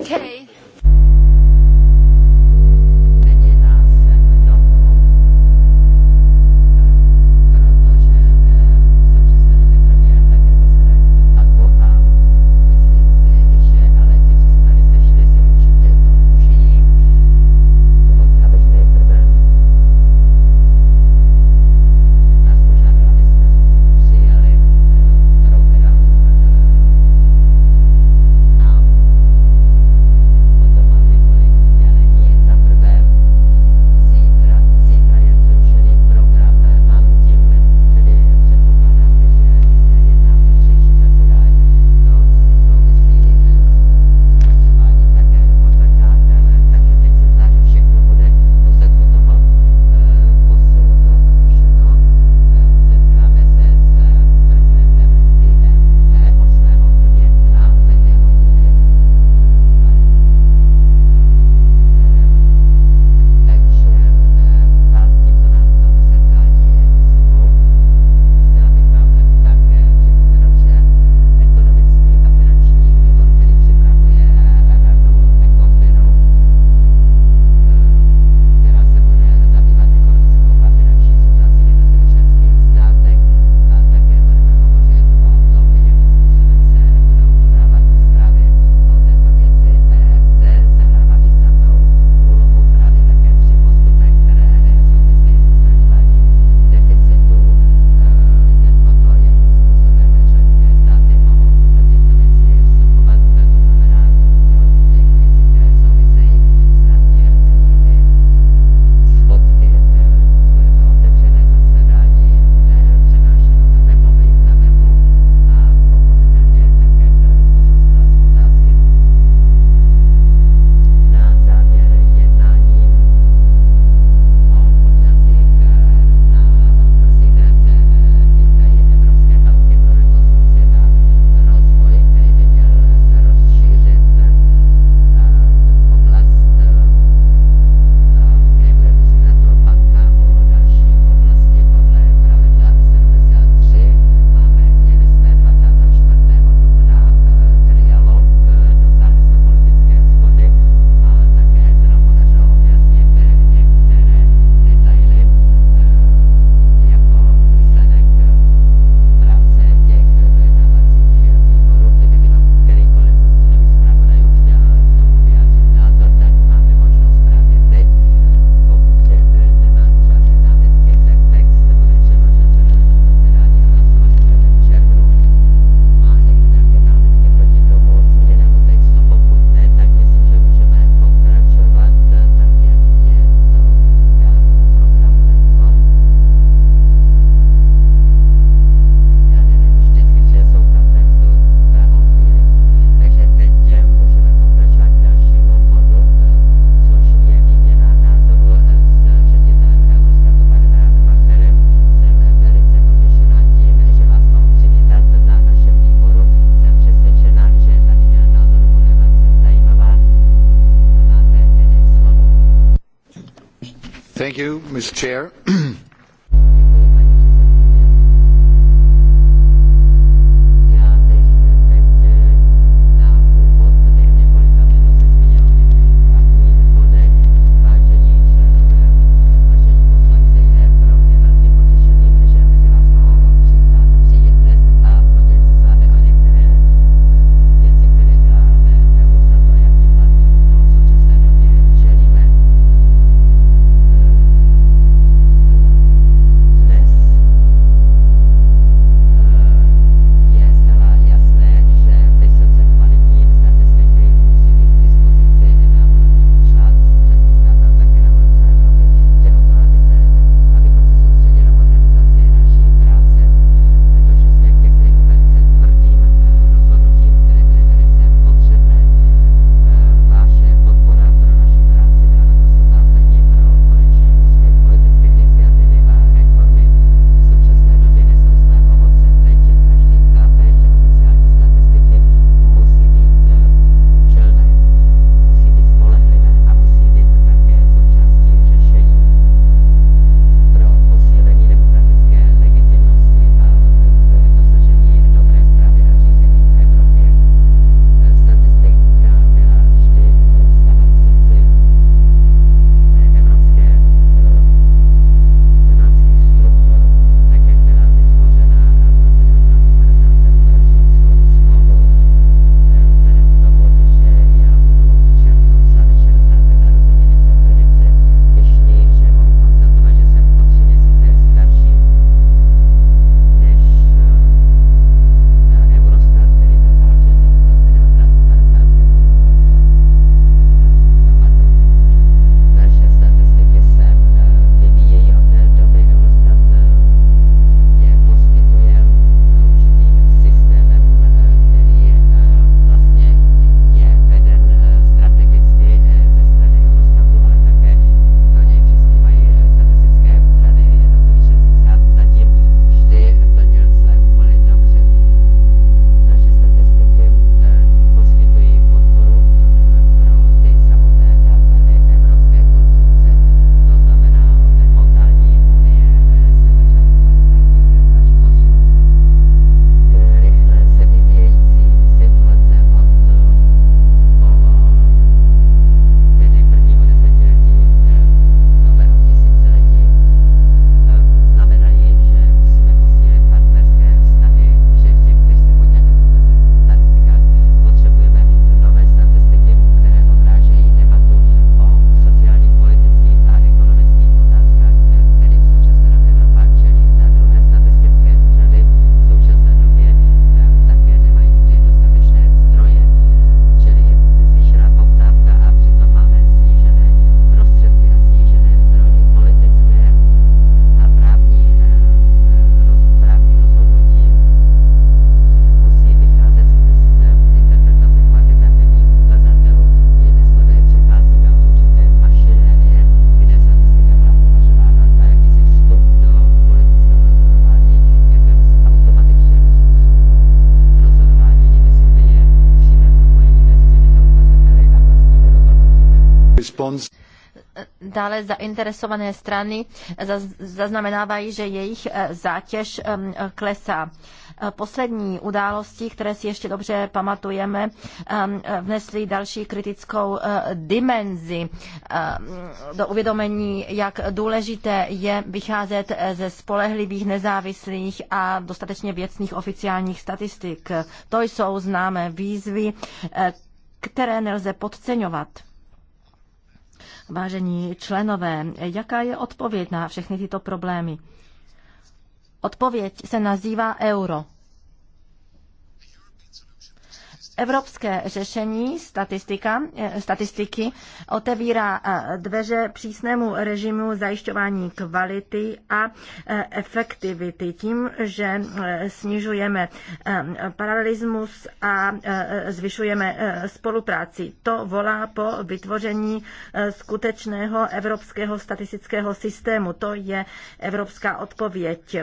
Okay. Chair. response. Dále zainteresované strany zaznamenávají, že jejich eh, zátěž ehm, klesá. Eh, poslední události, které si ještě dobře pamatujeme, ehm, eh, vnesly další kritickou dimenzi ehm, do uvědomení, jak důležité je vycházet ze spolehlivých, nezávislých a dostatečně věcných oficiálních statistik. To jsou známé výzvy, které nelze podceňovat. Vážení členové, jaká je odpověď na všechny tyto problémy? Odpověď se nazývá euro. Evropské řešení statistika, eh, statistiky otevírá eh, dveře přísnému režimu zajišťování kvality a eh, efektivity tím, že snižujeme paralelismus a zvyšujeme spolupráci. To volá po vytvoření skutečného evropského statistického systému. To je evropská odpověď.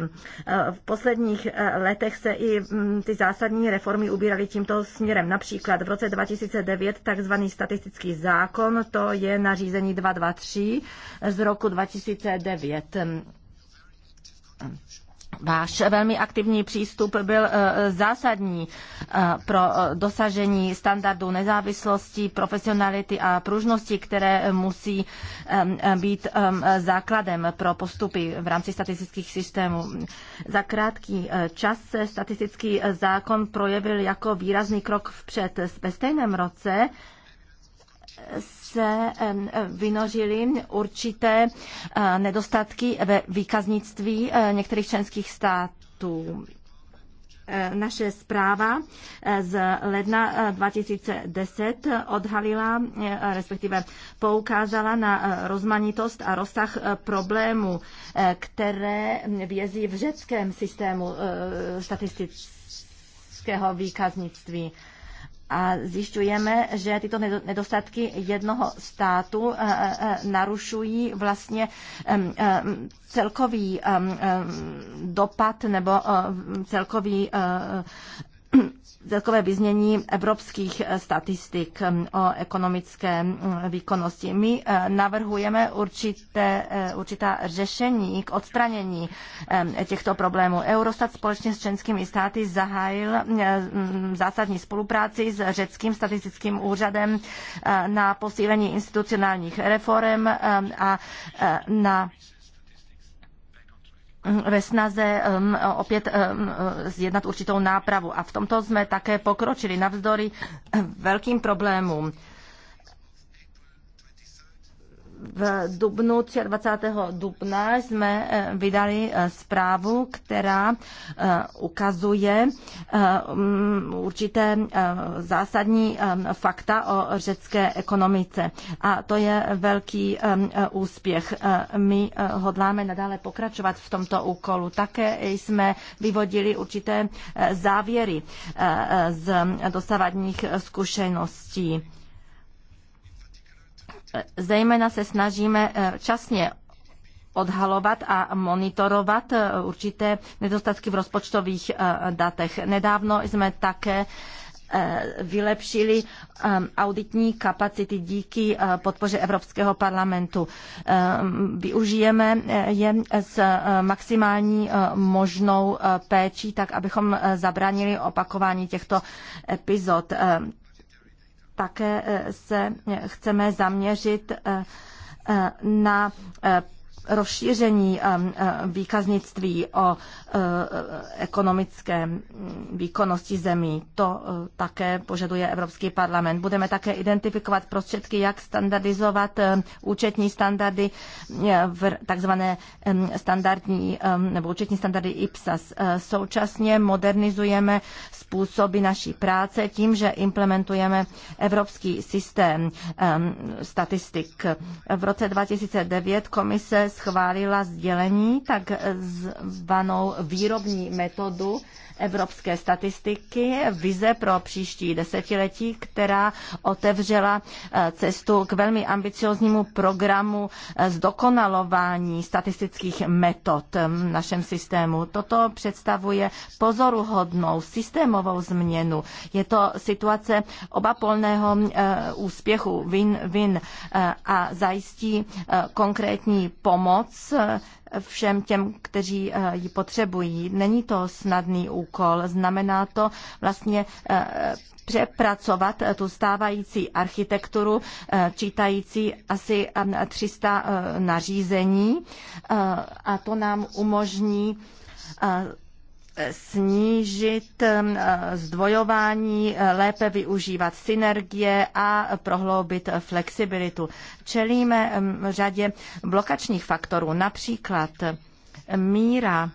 V posledních letech se i mm, ty zásadní reformy ubíraly tímto směrem. Například v roce 2009 takzvaný statistický zákon, to je nařízení 223 z roku 2009 Váš velmi aktivní přístup byl eh, zásadní eh, pro eh, dosažení standardu nezávislosti, profesionality a pružnosti, které musí být základem pro postupy v rámci statistických systémů. Za krátký čas se statistický zákon projevil jako výrazný krok vpřed. Ve stejném roce se vynořily určité eh, nedostatky ve výkaznictví eh, některých členských států eh, naše zpráva z ledna 2010 odhalila, respektive poukázala na rozmanitost a rozsah problémů, které vězí v řeckém systému statistického výkaznictví a zjišťujeme, že tyto nedostatky jednoho státu eh, eh, narušují vlastně celkový dopad nebo eh, celkový celkové vyznění evropských eh, statistik mm, o ekonomické mm, výkonnosti. My eh, navrhujeme určité, eh, určitá řešení k odstranění těchto problémů. Eurostat společně s členskými státy zahájil mm, zásadní spolupráci s řeckým statistickým úřadem na posílení institucionálních reform a na ve snaze um, opět um, zjednat určitou nápravu. A v tomto jsme také pokročili navzdory eh, velkým problémům v dubnu 23. dubna jsme eh, vydali eh, zprávu, která eh, ukazuje mm, určité zásadní fakta o řecké ekonomice. A to je velký úspěch. My hodláme nadále pokračovat v tomto úkolu. Také jsme vyvodili určité závěry z dosavadních zkušeností E, zejména se snažíme e, časně odhalovat a monitorovat e, určité nedostatky v rozpočtových datech. Nedávno jsme také vylepšili auditní kapacity díky podpoře Evropského parlamentu. Využijeme je s maximální možnou péčí, tak abychom zabránili opakování těchto epizod také eh, se eh, chceme zaměřit eh, na rozšíření výkaznictví o e, ekonomické výkonnosti zemí. To e, také požaduje Evropský parlament. Budeme také identifikovat prostředky, jak standardizovat e, účetní standardy v takzvané standardní nebo účetní standardy IPSAS. Současně modernizujeme způsoby naší práce tím, že implementujeme evropský systém statistik. V roce 2009 komise schválila sdělení, tak zvanou výrobní metodu evropské statistiky, vize pro příští desetiletí, která otevřela eh, cestu k velmi ambicioznímu programu eh, zdokonalování statistických metod eh, v našem systému. Toto představuje pozoruhodnou systémovou změnu. Je to situace obapolného úspěchu win-win a zajistí konkrétní pomoc všem těm, kteří eh, ji potřebují. Není to snadný úkol, znamená to vlastně eh, přepracovat eh, tu stávající architekturu, čítající asi 300 nařízení a to nám umožní snížit eh, zdvojování, eh, lépe využívat synergie a prohloubit flexibilitu. Čelíme mm, řadě blokačních faktorů, například míra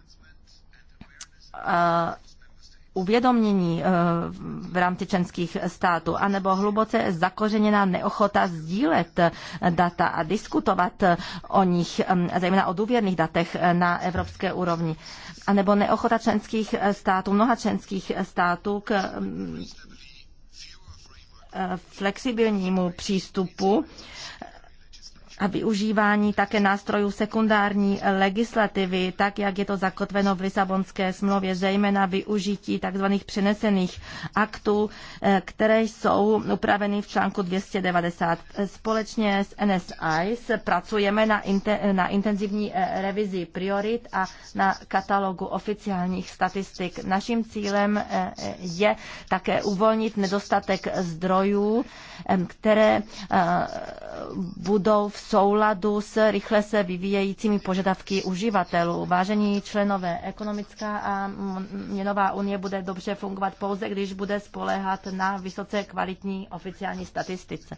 eh, uvědomění eh, v rámci členských států, anebo hluboce zakořeněná neochota sdílet eh, data a diskutovat eh, o nich, zejména o důvěrných datech na evropské úrovni, anebo neochota členských států, mnoha členských států k mm, flexibilnímu přístupu a využívání také nástrojů sekundární legislativy, tak jak je to zakotveno v Lisabonské smlouvě, zejména využití tzv. přenesených aktů, eh, které jsou upraveny v článku 290. Společně s NSI pracujeme na, inte, na intenzivní eh, revizi priorit a na katalogu oficiálních statistik. Naším cílem eh, je také uvolnit nedostatek zdrojů, které budou v souladu s rychle se vyvíjejícími požadavky uživatelů. Vážení členové, ekonomická a měnová unie bude dobře fungovat pouze, když bude spoléhat na vysoce kvalitní oficiální statistice.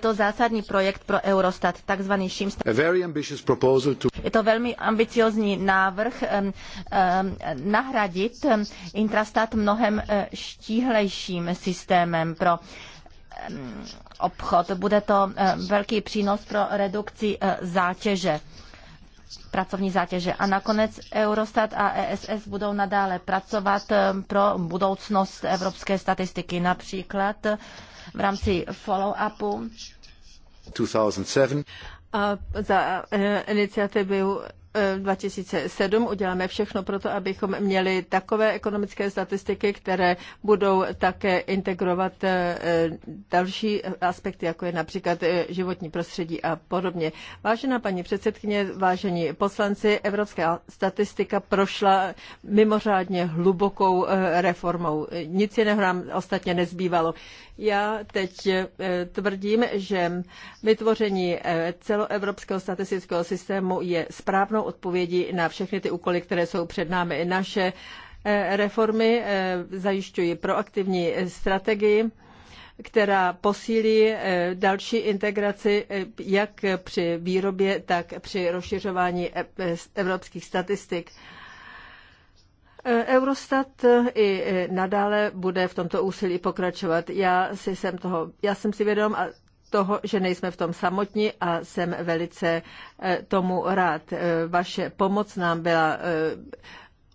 to zásadní projekt pro Eurostat, takzvaný Šimst. Je to velmi ambiciozní návrh nahradit Intrastat mnohem e, štíhlejším systémem pro obchod. Bude to e, velký přínos pro redukci e, zátěže pracovní zátěže. A nakonec Eurostat a ESS budou nadále pracovat eh, pro budoucnost evropské statistiky, například eh, v rámci follow-upu. 2007. A za eh, iniciativu 2007 uděláme všechno pro to, abychom měli takové ekonomické statistiky, které budou také integrovat eh, další aspekty, jako je například eh, životní prostředí a podobně. Vážená paní předsedkyně, vážení poslanci, evropská statistika prošla mimořádně hlubokou eh, reformou. Nic jiného nám ostatně nezbývalo. Já teď tvrdím, že vytvoření celoevropského statistického systému je správnou žádnou odpovědí na všechny ty úkoly, které jsou před námi. Naše eh, reformy eh, zajišťují proaktivní eh, strategii, která posílí další integraci jak při výrobě, tak při rozšiřování evropských statistik. Eurostat i nadále bude v tomto úsilí pokračovat. Já, si jsem, toho, já jsem si vědom a toho, že nejsme v tom samotní a jsem velice eh, tomu rád. Eh, vaše pomoc nám byla eh,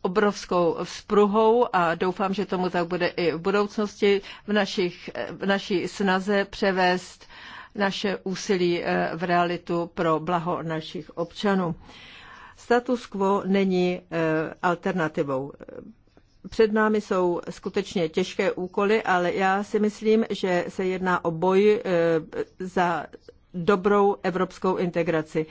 obrovskou vzpruhou a doufám, že tomu tak bude i v budoucnosti v, našich, v naší snaze převést naše úsilí v realitu pro blaho našich občanů. Status quo není alternativou před námi jsou skutečně těžké úkoly, ale já si myslím, že se jedná o boj eh, za dobrou evropskou integraci.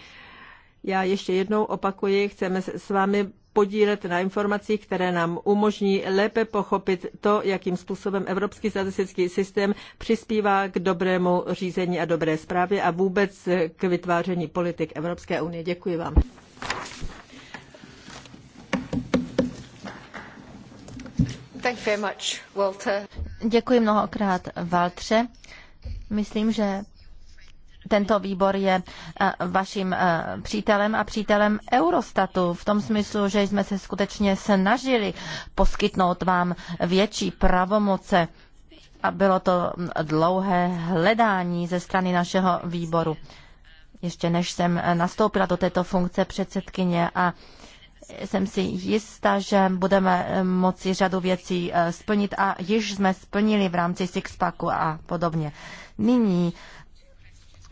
Já ještě jednou opakuji, chceme se s vámi podílet na informacích, které nám umožní lépe pochopit to, jakým způsobem Evropský statistický systém přispívá k dobrému řízení a dobré zprávě a vůbec k vytváření politik Evropské unie. Děkuji vám. Děkuji mnohokrát, Valtře. Myslím, že tento výbor je eh, vaším eh, přítelem a přítelem Eurostatu v tom smyslu, že jsme se skutečně snažili poskytnout vám větší pravomoce a bylo to hm, dlouhé hledání ze strany našeho výboru. Ještě než jsem nastoupila do této funkce předsedkyně a jsem si jistá, že budeme eh, moci řadu věcí eh, splnit a již jsme splnili v rámci Sixpacku a podobně. Nyní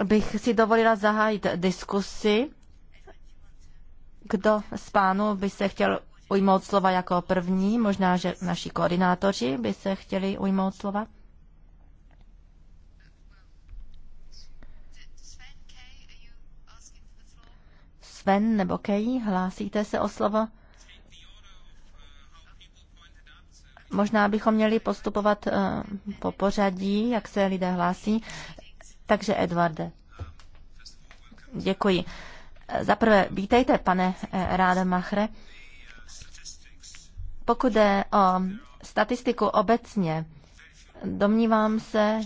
bych si dovolila zahájit diskusi. Kdo z pánů by se chtěl ujmout slova jako první? Možná, že naši koordinátoři by se chtěli ujmout slova. Sven nebo Kej, hlásíte se o slovo? Možná bychom měli postupovat eh, po pořadí, jak se lidé hlásí. Takže Edvarde. Děkuji. Za prvé, vítejte, pane eh, Ráda Machre. Pokud jde o statistiku obecně, domnívám se,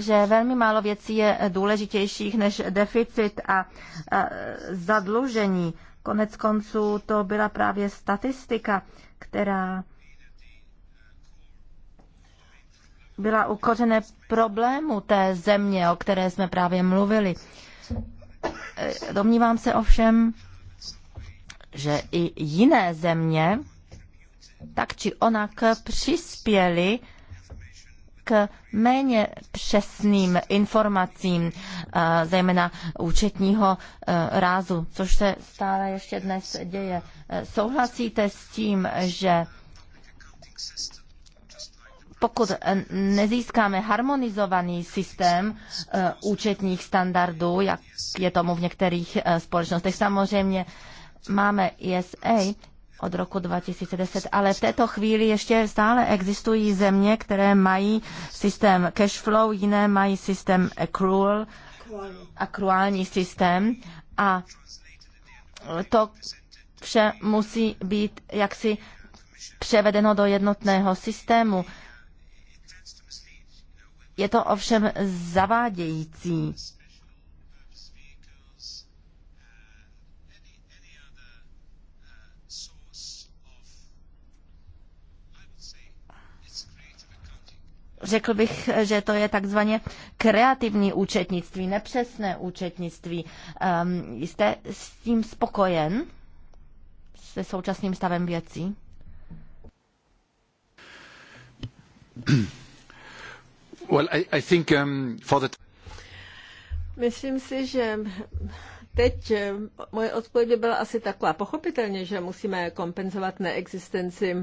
že velmi málo věcí je důležitějších než deficit a zadlužení. Konec konců to byla právě statistika, která byla u kořené problému té země, o které jsme právě mluvili. E, domnívám se ovšem, že i jiné země tak či onak přispěly k méně přesným informacím, eh, zejména účetního eh, rázu, což se stále ještě dnes děje. Eh, souhlasíte s tím, že pokud nezískáme harmonizovaný systém účetních standardů, jak je tomu v některých společnostech, samozřejmě máme ESA, od roku 2010, ale v této chvíli ještě stále existují země, které mají systém cash flow, jiné mají systém accrual, akruální systém a to vše musí být jaksi převedeno do jednotného systému. Je to ovšem zavádějící Řekl bych, že to je takzvaně kreativní účetnictví, nepřesné účetnictví. Um, jste s tím spokojen? Se současným stavem věcí? Well, I, I think, um, for the... Myslím si, že teď eh, moje odpověď byla asi taková. Pochopitelně, že musíme kompenzovat neexistenci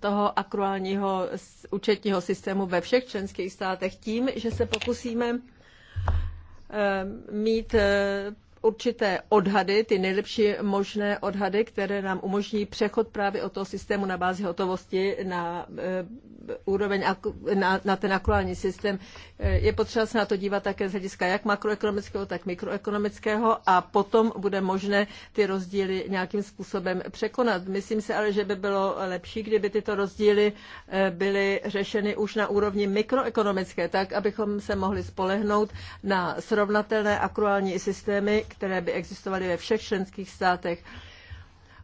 toho akruálního účetního systému ve všech členských státech tím, že se pokusíme eh, mít eh, určité odhady, ty nejlepší možné odhady, které nám umožní přechod právě od toho systému na bázi hotovosti na eh, úroveň, na, na ten akulární systém. Eh, je potřeba se na to dívat také z hlediska jak makroekonomického, tak mikroekonomického a potom bude možné ty rozdíly nějakým způsobem překonat. Myslím si ale, že by bylo lepší, kdyby tyto rozdíly eh, byly řešeny už na úrovni mikroekonomické, tak abychom se mohli spolehnout na srovnatelné akruální systémy, které by existovaly ve všech členských státech.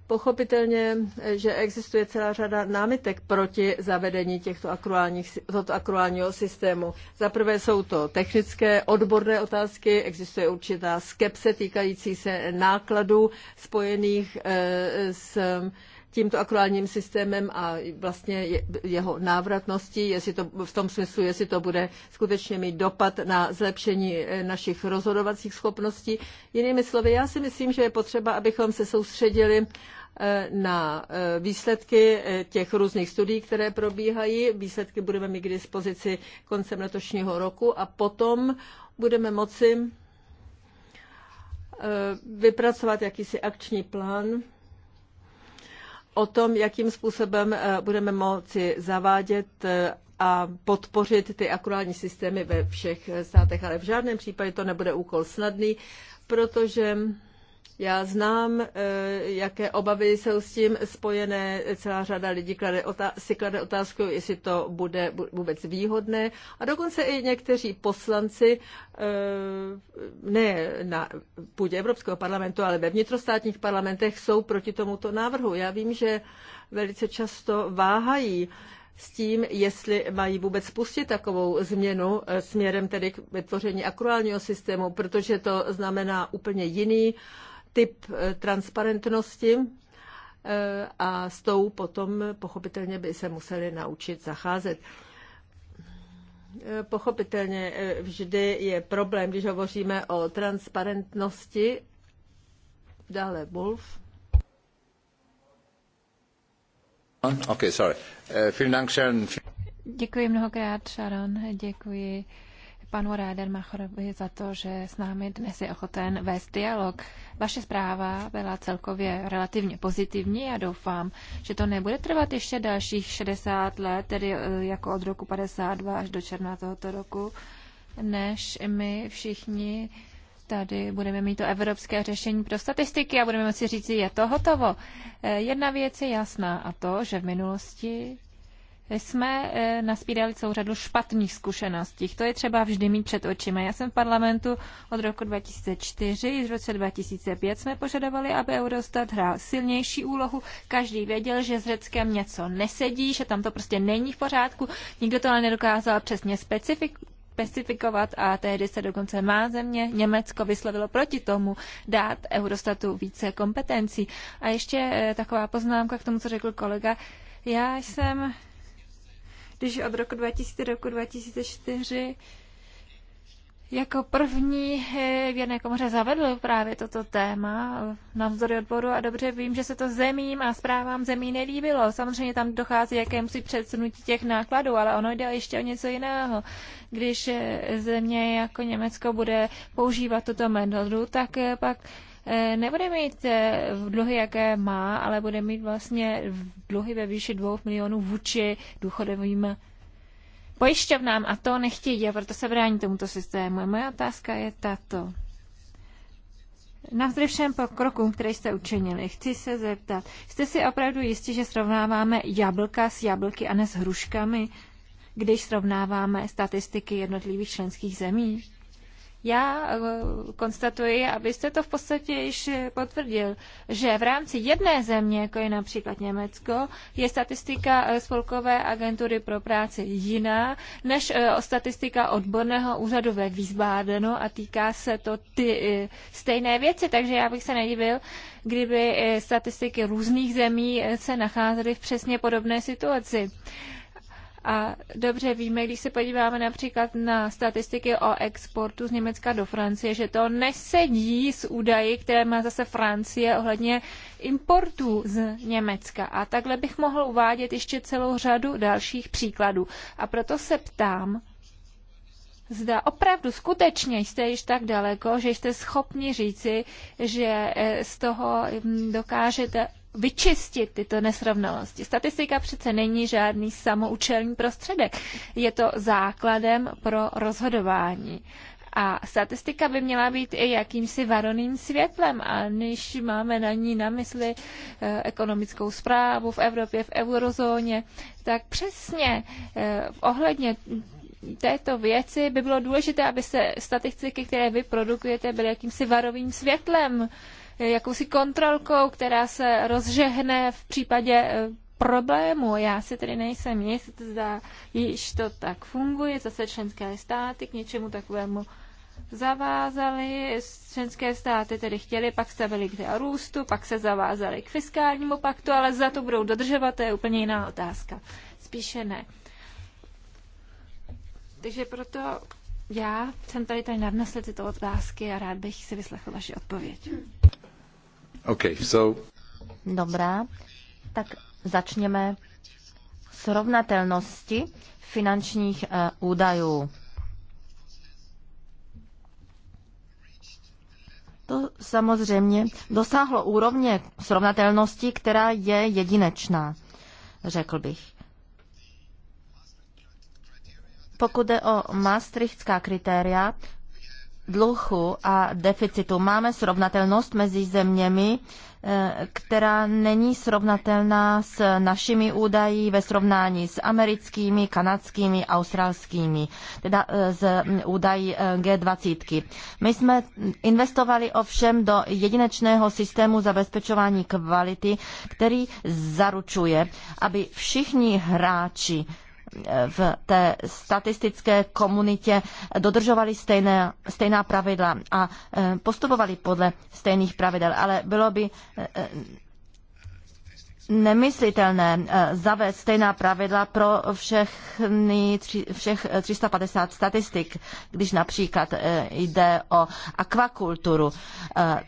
Pochopitelně, že existuje celá řada námitek proti zavedení těchto akruálních, tohoto akruálního systému. Za prvé jsou to technické, odborné otázky, existuje určitá skepse týkající se nákladů spojených eh, s tímto akruálním systémem a vlastně jeho návratností, jestli to, v tom smyslu, jestli to bude skutečně mít dopad na zlepšení eh, našich rozhodovacích schopností. Jinými slovy, já si myslím, že je potřeba, abychom se soustředili eh, na eh, výsledky těch různých studií, které probíhají. Výsledky budeme mít k dispozici koncem letošního roku a potom budeme moci vypracovat jakýsi akční plán o tom, jakým způsobem eh, budeme moci zavádět eh, a podpořit ty akurální systémy ve všech státech, ale v žádném případě to nebude úkol snadný, protože já znám, eh, jaké obavy jsou s tím spojené. Celá řada lidí klade si klade otázku, jestli to bude vůbec výhodné. A dokonce i někteří poslanci, eh, ne na půdě Evropského parlamentu, ale ve vnitrostátních parlamentech, jsou proti tomuto návrhu. Já vím, že velice často váhají s tím, jestli mají vůbec spustit takovou změnu eh, směrem tedy k vytvoření akruálního systému, protože to znamená úplně jiný uh, typ eh, transparentnosti eh, a s tou potom pochopitelně by se museli naučit zacházet. Eh, pochopitelně vždy je problém, když hovoříme o transparentnosti. Dále Wolf. Okay, sorry. Děkuji mnohokrát, Sharon. Děkuji panu Rádermacherovi za to, že s námi dnes je ochoten vést dialog. Vaše zpráva byla celkově relativně pozitivní a doufám, že to nebude trvat ještě dalších 60 let, tedy eh, jako od roku 52 až do června tohoto roku, než my všichni tady budeme mít to evropské řešení pro statistiky a budeme moci říct, je to hotovo. Eh, jedna věc je jasná a to, že v minulosti jsme e, naspírali celou řadu špatných zkušeností. To je třeba vždy mít před očima. Já jsem v parlamentu od roku 2004 i v roce 2005 jsme požadovali, aby Eurostat hrál silnější úlohu. Každý věděl, že s Řeckem něco nesedí, že tam to prostě není v pořádku. Nikdo to ale nedokázal přesně specifikovat specifikovat a tehdy se dokonce má země Německo vyslovilo proti tomu dát Eurostatu více kompetencí. A ještě e, taková poznámka k tomu, co řekl kolega. Já jsem když od roku 2000 do roku 2004 jako první eh, v jedné komoře zavedl právě toto téma eh, na vzory odboru a dobře vím, že se to zemím a zprávám zemí nelíbilo. Samozřejmě tam dochází musí předsunutí těch nákladů, ale ono jde ještě o něco jiného. Když eh, země jako Německo bude používat tuto metodu, tak pak Eh, nebude mít eh, dluhy, jaké má, ale bude mít vlastně dluhy ve výši dvou milionů vůči důchodovým pojišťovnám a to nechtějí a proto se brání tomuto systému. Moje otázka je tato. Navzdory všem pokrokům, které jste učinili, chci se zeptat, jste si opravdu jistí, že srovnáváme jablka s jablky a ne s hruškami, když srovnáváme statistiky jednotlivých členských zemí? Já eh, konstatuji, abyste to v podstatě již potvrdil, že v rámci jedné země, jako je například Německo, je statistika eh, Spolkové agentury pro práci jiná než eh, statistika odborného úřadu ve Wiesbadenu a týká se to ty stejné věci, takže já bych se nedivil, kdyby statistiky různých zemí se nacházely v přesně podobné situaci. A dobře víme, když se podíváme například na statistiky o exportu z Německa do Francie, že to nesedí s údaji, které má zase Francie ohledně importů z Německa. A takhle bych mohl uvádět ještě celou řadu dalších příkladů. A proto se ptám, Zda opravdu skutečně jste již tak daleko, že jste schopni říci, že eh, z toho hm, dokážete vyčistit tyto nesrovnalosti. Statistika přece není žádný samoučelný prostředek. Je to základem pro rozhodování. A statistika by měla být i jakýmsi varoným světlem, a než máme na ní na mysli eh, ekonomickou zprávu v Evropě, v eurozóně, tak přesně v eh, ohledně této věci by bylo důležité, aby se statistiky, které vy produkujete, byly jakýmsi varovým světlem, Eh, jakousi kontrolkou, která se rozžehne v případě eh, problému. Já si tedy nejsem jist, zda již to tak funguje, zase členské státy k něčemu takovému zavázali, členské státy tedy chtěli, pak stavili a růstu, pak se zavázali k fiskálnímu paktu, ale za to budou dodržovat, to je úplně jiná otázka. Spíše ne. Takže proto já jsem tady tady nadnesl tyto otázky a rád bych si vyslechl vaši odpověď. Okay, so... Dobrá, tak začněme srovnatelnosti finančních eh, údajů. To samozřejmě dosáhlo úrovně srovnatelnosti, která je jedinečná, řekl bych. Pokud jde o maastrichtská kritéria, dluhu a deficitu. Máme srovnatelnost mezi zeměmi, eh, která není srovnatelná s našimi údaji ve srovnání s americkými, kanadskými, australskými, teda eh, z údají eh, G20. My jsme investovali ovšem do jedinečného systému zabezpečování kvality, který zaručuje, aby všichni hráči v té statistické komunitě dodržovali stejné, stejná pravidla a e, postupovali podle stejných pravidel, ale bylo by e, e, nemyslitelné zavést stejná pravidla pro všechny, všech 350 statistik. Když například jde o akvakulturu,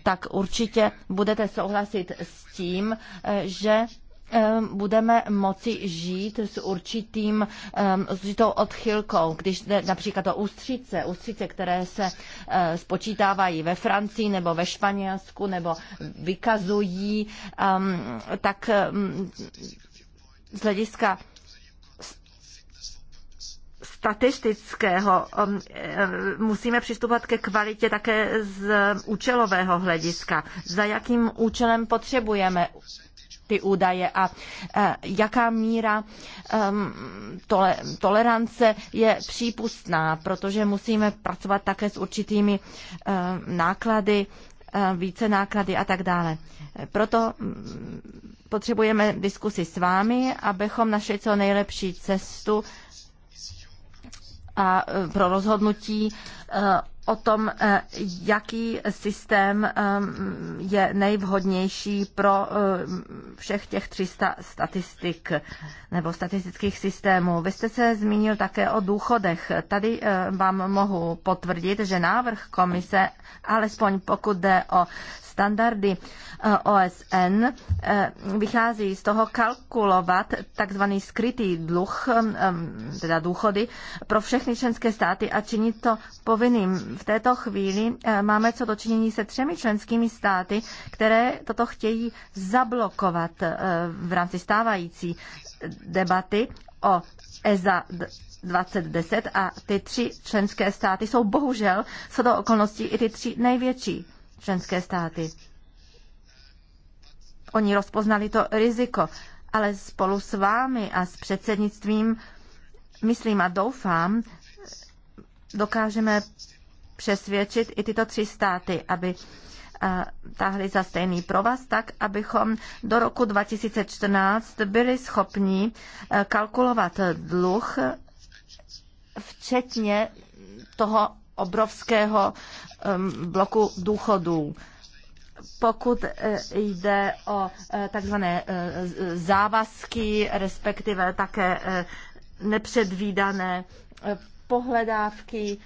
tak určitě budete souhlasit s tím, že Ehm, budeme moci žít s určitým, ehm, s určitou odchylkou, když jde například o ústřice, ústřice, které se eh, spočítávají ve Francii nebo ve Španělsku nebo vykazují, ehm, tak z hlediska statistického musíme přistupovat ke kvalitě také z účelového hlediska. Za jakým účelem potřebujeme ty údaje a e, jaká míra e, tole, tolerance je přípustná, protože musíme pracovat také s určitými e, náklady, více náklady a tak dále. Proto potřebujeme diskusi s vámi, abychom našli co nejlepší cestu a pro rozhodnutí o tom, eh, jaký systém eh, je nejvhodnější pro eh, všech těch 300 statistik nebo statistických systémů. Vy jste se zmínil také o důchodech. Tady vám mohu potvrdit, že návrh komise, alespoň pokud jde o Standardy eh, OSN eh, vychází z toho kalkulovat takzvaný skrytý dluh, eh, teda důchody, pro všechny členské státy a činit to povinným. V této chvíli máme co dočinění se třemi členskými státy, které toto chtějí zablokovat v rámci stávající debaty o EZA 2010 a ty tři členské státy jsou bohužel, co do okolností, i ty tři největší členské státy. Oni rozpoznali to riziko, ale spolu s vámi a s předsednictvím, myslím a doufám, dokážeme přesvědčit i tyto tři státy, aby táhli za stejný provaz, tak abychom do roku 2014 byli schopni kalkulovat dluh, včetně toho obrovského bloku důchodů pokud eh, jde o eh, takzvané eh, závazky, respektive také nepředvídané pohledávky.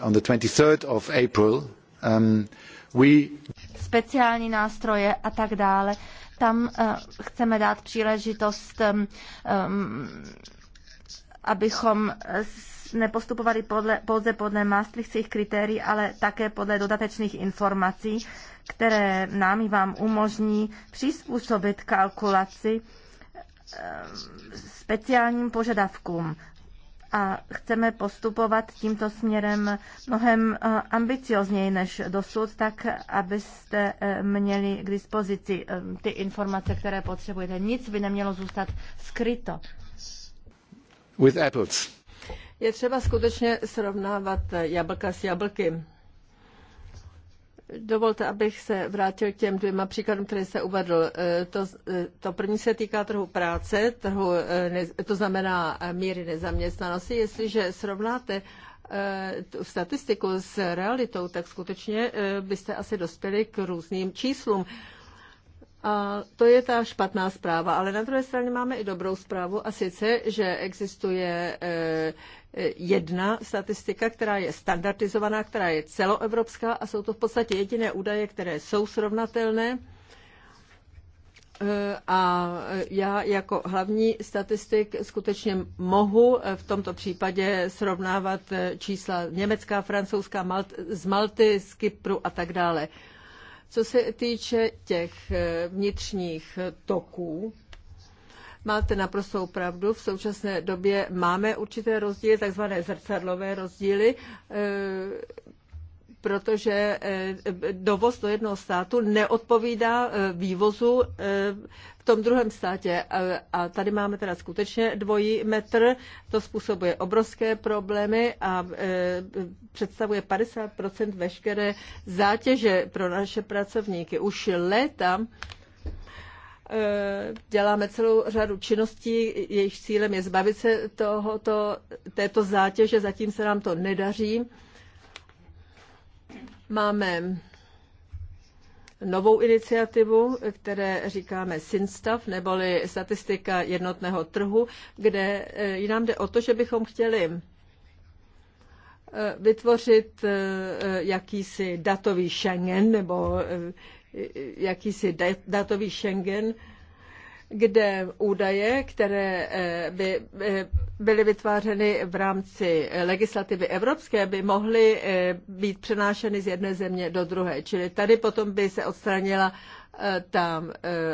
On the 23rd of April, um, we... Speciální nástroje a tak dále. Tam chceme dát příležitost, um, abychom s nepostupovali podle, pouze podle maastrichtských kritérií, ale také podle dodatečných informací, které nám i vám umožní přizpůsobit kalkulaci eh, speciálním požadavkům a chceme postupovat tímto směrem mnohem eh, ambiciozněji než dosud, tak abyste eh, měli k dispozici ty informace, které potřebujete. Nic by nemělo zůstat skryto. With apples. Je třeba skutečně srovnávat jablka s jablky. Dovolte, abych se vrátil k těm dvěma příkladům, které se uvedl. E, to, e, to první se týká trhu práce, trhu, e, to znamená míry nezaměstnanosti. Jestliže srovnáte tu statistiku s realitou, tak skutečně byste asi dospěli k různým číslům. A to je ta špatná zpráva, ale na druhé straně máme i dobrou zprávu a sice, že existuje jedna statistika, která je standardizovaná, která je celoevropská a jsou to v podstatě jediné údaje, které jsou srovnatelné. Eh, a já jako hlavní statistik skutečně mohu eh, v tomto případě srovnávat eh, čísla německá, francouzská, z Malty, z Kypru a tak dále. Co se týče těch vnitřních toků, Máte naprostou pravdu, v současné době máme určité rozdíly, takzvané zrcadlové rozdíly, e, protože e, dovoz do jednoho státu neodpovídá e, vývozu v tom druhém státě. A tady máme teda skutečně dvojí metr, to způsobuje obrovské problémy a představuje 50 veškeré zátěže pro naše pracovníky. Už léta Eh, děláme celou řadu činností, jejich cílem je zbavit se tohoto, této zátěže, zatím se nám to nedaří. Máme novou iniciativu, které říkáme SINSTAV, neboli statistika jednotného trhu, kde eh, nám jde o to, že bychom chtěli eh, vytvořit jakýsi datový Schengen nebo jakýsi datový Schengen, kde údaje, které eh, by eh, byly vytvářeny v rámci legislativy evropské, by mohly eh, být přenášeny z jedné země do druhé. Čili tady potom by se odstranila ta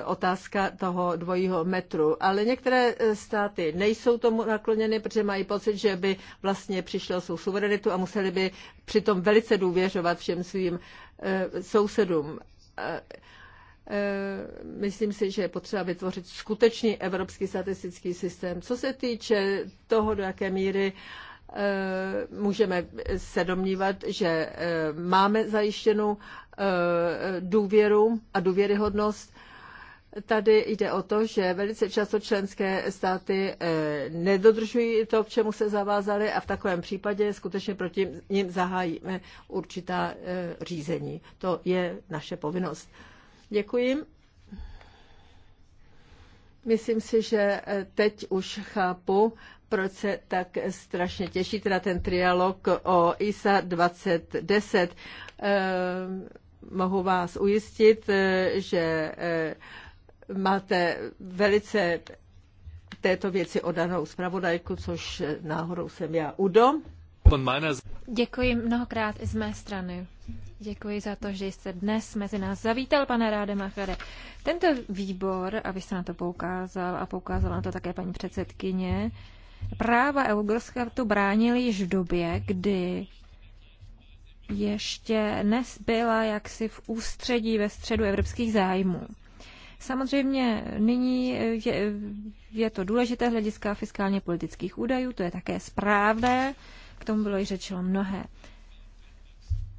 otázka toho dvojího metru. Ale některé státy nejsou tomu nakloněny, protože mají pocit, že by vlastně přišlo svou suverenitu a museli by přitom velice důvěřovat všem svým sousedům. Eh, eh, myslím si, že je potřeba vytvořit skutečný evropský statistický systém. Co se týče toho, do jaké míry eh, můžeme se domnívat, že máme zajištěnou důvěru a důvěryhodnost, Tady jde o to, že velice často členské státy eh, nedodržují to, k čemu se zavázaly a v takovém případě skutečně proti ním zahájíme určitá eh, řízení. To je naše povinnost. Děkuji. Myslím si, že eh, teď už chápu, proč se tak strašně těšíte na ten trialog o ISA 2010. Mohu vás ujistit, že máte velice této věci odanou zpravodajku, což náhodou jsem já Udo. Děkuji mnohokrát i z mé strany. Děkuji za to, že jste dnes mezi nás zavítal, pane Rádemachere. Tento výbor, abyste na to poukázal a poukázala na to také paní předsedkyně, práva Eugelskartu bránili již v době, kdy ještě nesbyla jaksi v ústředí ve středu evropských zájmů. Samozřejmě nyní je, je to důležité hlediska fiskálně politických údajů, to je také správné, k tomu bylo i řečeno mnohé.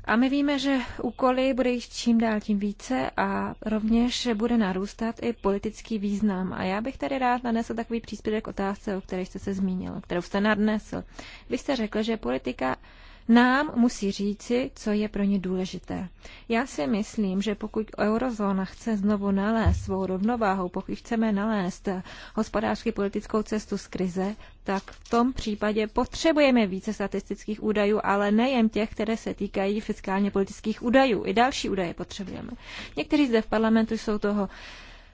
A my víme, že úkoly bude jich čím dál tím více a rovněž bude narůstat i politický význam. A já bych tady rád nanesl takový příspěvek otázce, o které jste se zmínil, kterou jste nadnesl. Vy jste řekl, že politika nám musí říci, co je pro ně důležité. Já si myslím, že pokud eurozóna chce znovu nalézt svou rovnováhu, pokud chceme nalézt hospodářsky politickou cestu z krize, tak v tom případě potřebujeme více statistických údajů, ale nejen těch, které se týkají fiskálně politických údajů. I další údaje potřebujeme. Někteří zde v parlamentu jsou toho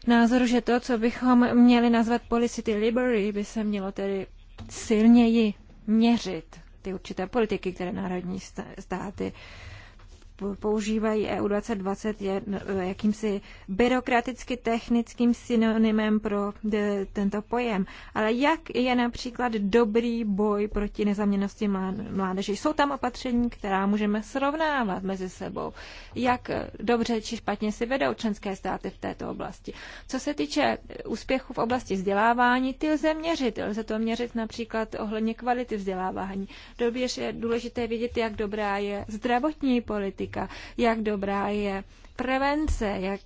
názoru, že to, co bychom měli nazvat policy liberty, by se mělo tedy silněji měřit ty určité politiky, které národní státy používají EU 2020 je eh, jakýmsi byrokraticky technickým synonymem pro eh, tento pojem. Ale jak je například dobrý boj proti nezaměnosti mládeže? Jsou tam opatření, která můžeme srovnávat mezi sebou. Jak eh, dobře či špatně si vedou členské státy v této oblasti? Co se týče úspěchu v oblasti vzdělávání, ty lze měřit. Lze to měřit například ohledně kvality vzdělávání. Dobře, je důležité vědět, jak dobrá je zdravotní politika politika, jak dobrá je prevence, jak,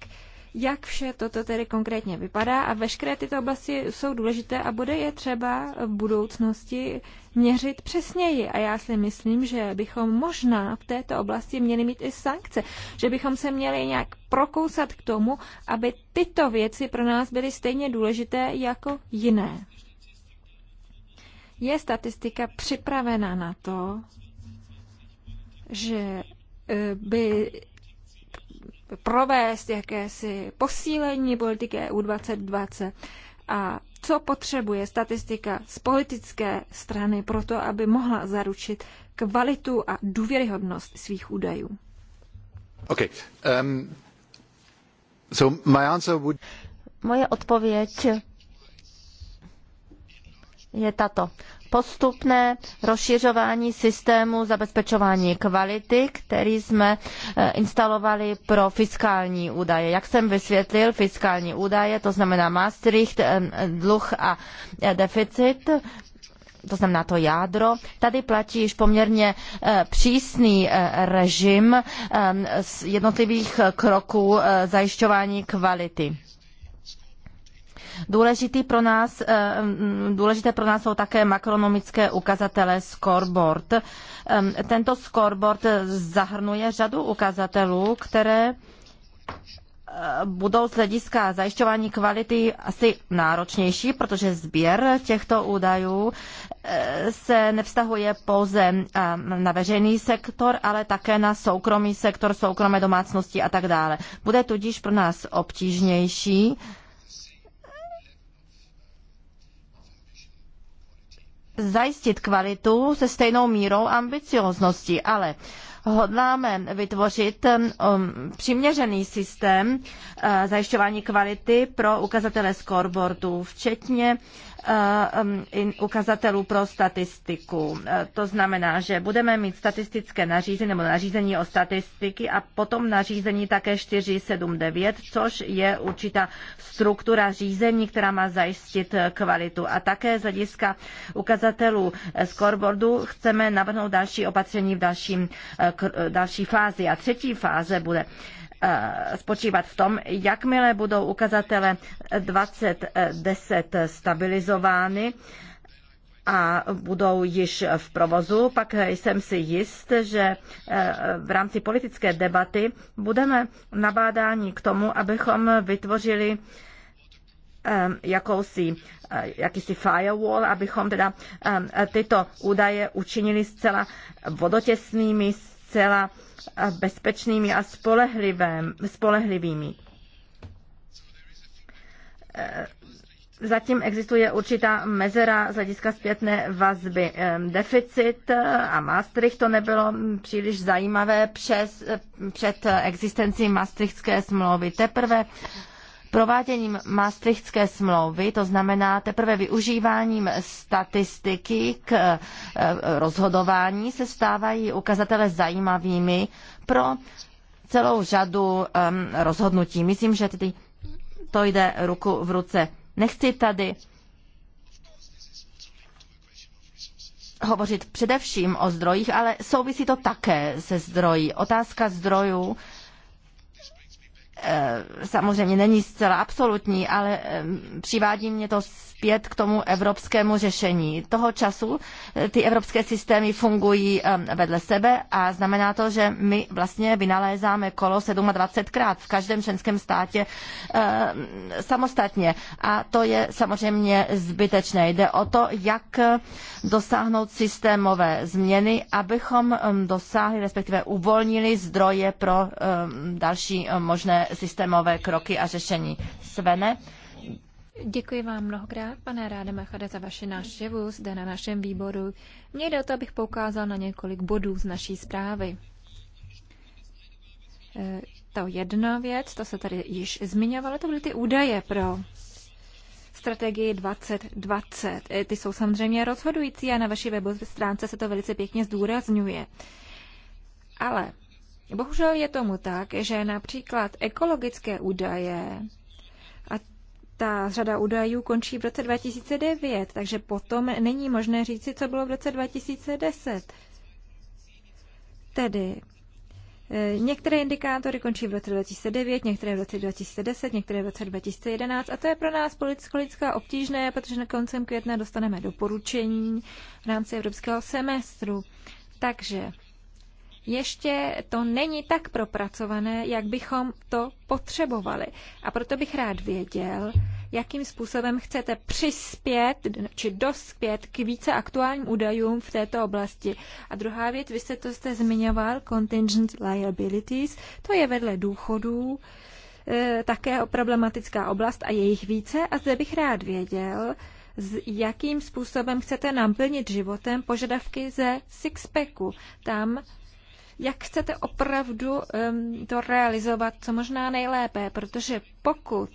jak vše toto tedy konkrétně vypadá a veškeré tyto oblasti jsou důležité a bude je třeba v budoucnosti měřit přesněji. A já si myslím, že bychom možná v této oblasti měli mít i sankce, že bychom se měli nějak prokousat k tomu, aby tyto věci pro nás byly stejně důležité jako jiné. Je statistika připravená na to, že by provést jakési posílení politiky EU 2020 a co potřebuje statistika z politické strany pro to, aby mohla zaručit kvalitu a důvěryhodnost svých údajů? Okay. Um, so my answer would... Moje odpověď je tato postupné rozšiřování systému zabezpečování kvality, který jsme eh, instalovali pro fiskální údaje. Jak jsem vysvětlil, fiskální údaje, to znamená Maastricht, eh, dluh a eh, deficit, to znamená to jádro. Tady platí již poměrně přísný režim jednotlivých kroků zajišťování kvality. Důležitý pro nás, eh, mm, důležité pro nás jsou také makronomické ukazatele scoreboard. Ehm, tento scoreboard zahrnuje řadu ukazatelů, které eh, budou z hlediska zajišťování kvality asi náročnější, protože sběr těchto údajů eh, se nevztahuje pouze na veřejný sektor, ale také na soukromý sektor, soukromé domácnosti a tak dále. Bude tudíž pro nás obtížnější zajistit kvalitu se stejnou mírou ambicioznosti, ale hodláme vytvořit um, přiměřený systém uh, zajišťování kvality pro ukazatele scoreboardu, včetně Eh, um, ukazatelů pro statistiku. Eh, to znamená, že budeme mít statistické nařízení nebo nařízení o statistiky a potom nařízení také 479, což je určitá struktura řízení, která má zajistit eh, kvalitu. A také z hlediska ukazatelů scoreboardu chceme navrhnout další opatření v další, další fázi. A třetí fáze bude Eh, spočívat v tom, jakmile budou ukazatele 2010 stabilizovány, a budou již v provozu, pak jsem si jist, že eh, v rámci politické debaty budeme nabádáni k tomu, abychom vytvořili eh, jakousi, jakýsi firewall, abychom teda tyto údaje učinili zcela vodotěsnými, zcela a bezpečnými a spolehlivými. E, zatím existuje určitá mezera z hlediska zpětné vazby. E, deficit e, a Maastricht to nebylo příliš zajímavé přes, před existencí Maastrichtské smlouvy. Teprve Prováděním Maastrichtské smlouvy, to znamená teprve využíváním statistiky k e, rozhodování, se stávají ukazatele zajímavými pro celou řadu um, rozhodnutí. Myslím, že tedy to jde ruku v ruce. Nechci tady hovořit především o zdrojích, ale souvisí to také se zdroji. Otázka zdrojů Eh, samozřejmě není zcela absolutní, ale eh, přivádí mě to zpět k tomu evropskému řešení. Toho času eh, ty evropské systémy fungují vedle sebe a znamená to, že my vlastně vynalézáme kolo 27krát v každém ženském státě samostatně. A to je samozřejmě zbytečné. Jde o to, jak dosáhnout systémové změny, abychom dosáhli, respektive uvolnili zdroje pro další možné systémové kroky a řešení. Svene? Děkuji vám mnohokrát, pane Ráde Machade, za vaši návštěvu zde na našem výboru. Mě jde o to, abych poukázal na několik bodů z naší zprávy. E, to jedna věc, to se tady již zmiňovalo, to byly ty údaje pro strategii 2020. E, ty jsou samozřejmě rozhodující a na vaší webové stránce se to velice pěkně zdůrazňuje. Ale Bohužel je tomu tak, že například ekologické údaje a ta řada údajů končí v roce 2009, takže potom není možné říci, co bylo v roce 2010. Tedy e, Některé indikátory končí v roce 2009, některé v roce 2010, některé v roce 2011 a to je pro nás politicko-lidská obtížné, protože na koncem května dostaneme doporučení v rámci evropského semestru. Takže ještě to není tak propracované, jak bychom to potřebovali. A proto bych rád věděl, jakým způsobem chcete přispět či dospět k více aktuálním údajům v této oblasti. A druhá věc, vy jste to jste zmiňoval, contingent liabilities, to je vedle důchodů e, také problematická oblast a jejich více. A zde bych rád věděl, s jakým způsobem chcete naplnit životem požadavky ze Sixpacku. Tam jak chcete opravdu to realizovat co možná nejlépe, protože pokud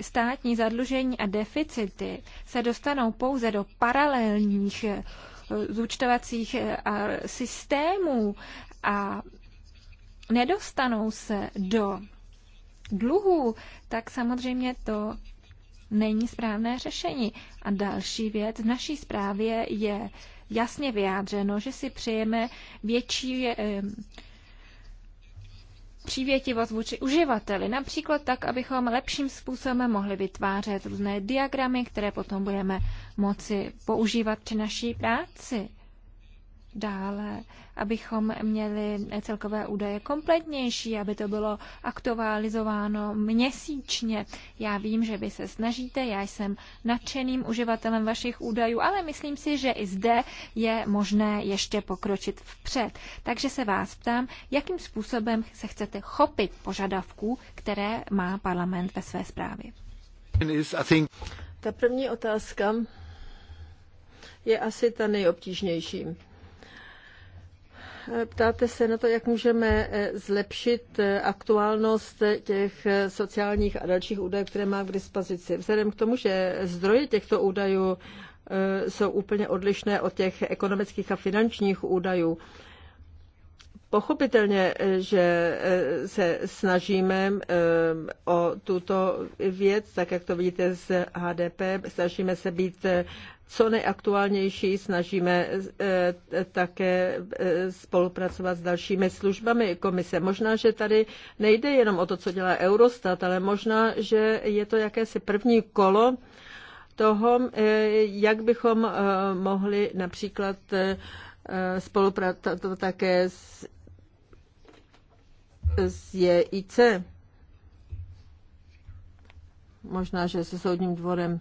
státní zadlužení a deficity se dostanou pouze do paralelních eh, zúčtovacích eh, systémů a nedostanou se do dluhů, tak samozřejmě to není správné řešení. A další věc v naší zprávě je jasně vyjádřeno, že si přejeme větší eh, přívětivost vůči uživateli, například tak, abychom lepším způsobem mohli vytvářet různé diagramy, které potom budeme moci používat při naší práci dále, abychom měli celkové údaje kompletnější, aby to bylo aktualizováno měsíčně. Já vím, že vy se snažíte, já jsem nadšeným uživatelem vašich údajů, ale myslím si, že i zde je možné ještě pokročit vpřed. Takže se vás ptám, jakým způsobem se chcete chopit požadavků, které má parlament ve své zprávě. Ta první otázka je asi ta nejobtížnější ptáte se na to, jak můžeme eh, zlepšit eh, aktuálnost těch eh, sociálních a dalších údajů, které má k dispozici. Vzhledem k tomu, že zdroje těchto údajů jsou úplně odlišné od těch ekonomických a finančních údajů. Pochopitelně, že se snažíme o tuto věc, tak jak to vidíte z HDP, snažíme se být co nejaktuálnější. Snažíme e, e, také e, spolupracovat s dalšími službami komise. Možná, že tady nejde jenom o to, co dělá Eurostat, ale možná, že je to jakési první kolo toho, jak bychom mohli například spolupracovat také s, s JIC. Možná, že se soudním dvorem. Uh,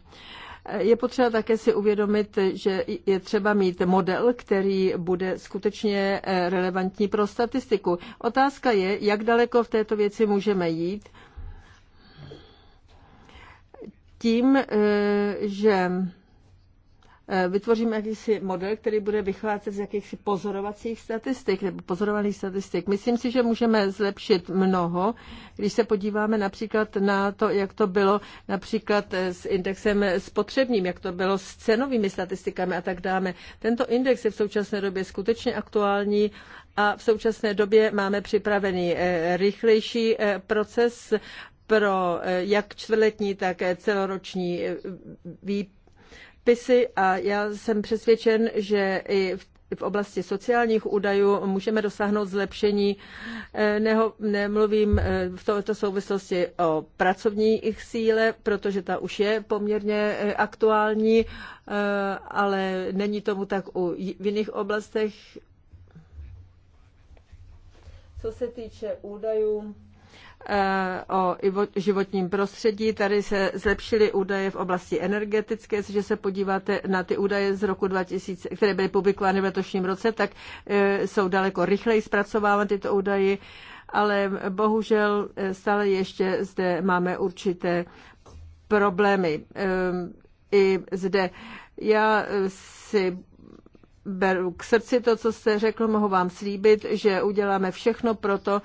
je potřeba také si uvědomit, že je třeba mít model, který bude skutečně eh, relevantní pro statistiku. Otázka je, jak daleko v této věci můžeme jít tím, eh, že Eh, vytvoříme jakýsi model, který bude vycházet z jakýchsi pozorovacích statistik nebo pozorovaných statistik. Myslím si, že můžeme zlepšit mnoho, když se podíváme například na to, jak to bylo například eh, s indexem spotřebním, jak to bylo s cenovými statistikami a tak dále. Tento index je v současné době skutečně aktuální a v současné době máme připravený eh, rychlejší proces pro jak čtvrtletní, tak celoroční výpočet předpisy a já jsem přesvědčen, že i v v oblasti sociálních údajů můžeme dosáhnout zlepšení. Eh, neho, nemluvím eh, v této souvislosti o pracovních síle, protože ta už je poměrně eh, aktuální, ale není tomu tak u, v jiných oblastech. Co se týče údajů, Eh, o životním prostředí. Tady se zlepšily údaje v oblasti energetické. že se podíváte na ty údaje z roku 2000, které byly publikovány v letošním roce, tak eh, jsou daleko rychleji zpracovávány tyto údaje, ale bohužel eh, stále ještě zde máme určité problémy. I zde já si beru k srdci to, co jste řekl, mohu vám slíbit, že uděláme všechno pro to,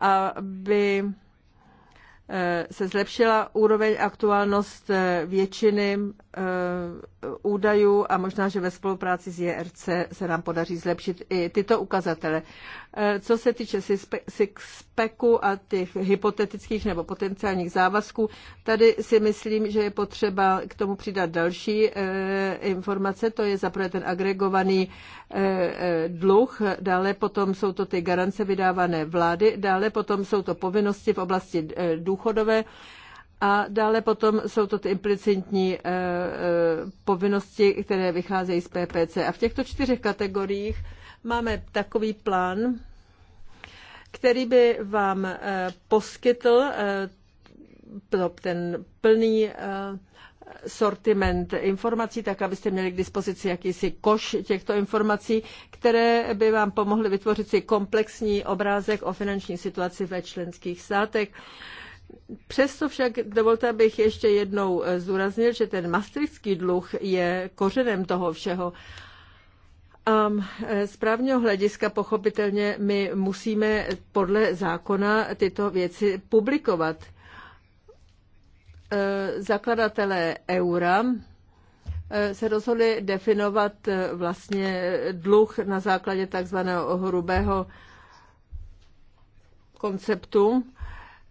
aby eh, se zlepšila úroveň aktuálnost eh, většiny eh, údajů a možná, že ve spolupráci s JRC se nám podaří zlepšit i tyto ukazatele. Eh, co se týče SIXPECu a těch hypotetických nebo potenciálních závazků, tady si myslím, že je potřeba k tomu přidat další eh, informace, to je zaprvé ten agregovaný eh, dluh, dále potom jsou to ty garance vydávané vlády, dále potom jsou to povinnosti v oblasti důchodové, a dále potom jsou to ty implicitní eh, eh, povinnosti, které vycházejí z PPC. A v těchto čtyřech kategoriích máme takový plán, který by vám eh, poskytl ten plný sortiment informací, tak abyste měli k dispozici jakýsi koš těchto informací, které by vám pomohly vytvořit si komplexní obrázek o finanční situaci ve členských státech. Přesto však dovolte, abych ještě jednou eh, zúraznil, že ten mastrický dluh je kořenem toho všeho. A eh, z právního hlediska pochopitelně my musíme podle zákona tyto věci publikovat. Eh, zakladatelé eura se rozhodli definovat vlastně dluh na základě takzvaného hrubého konceptu.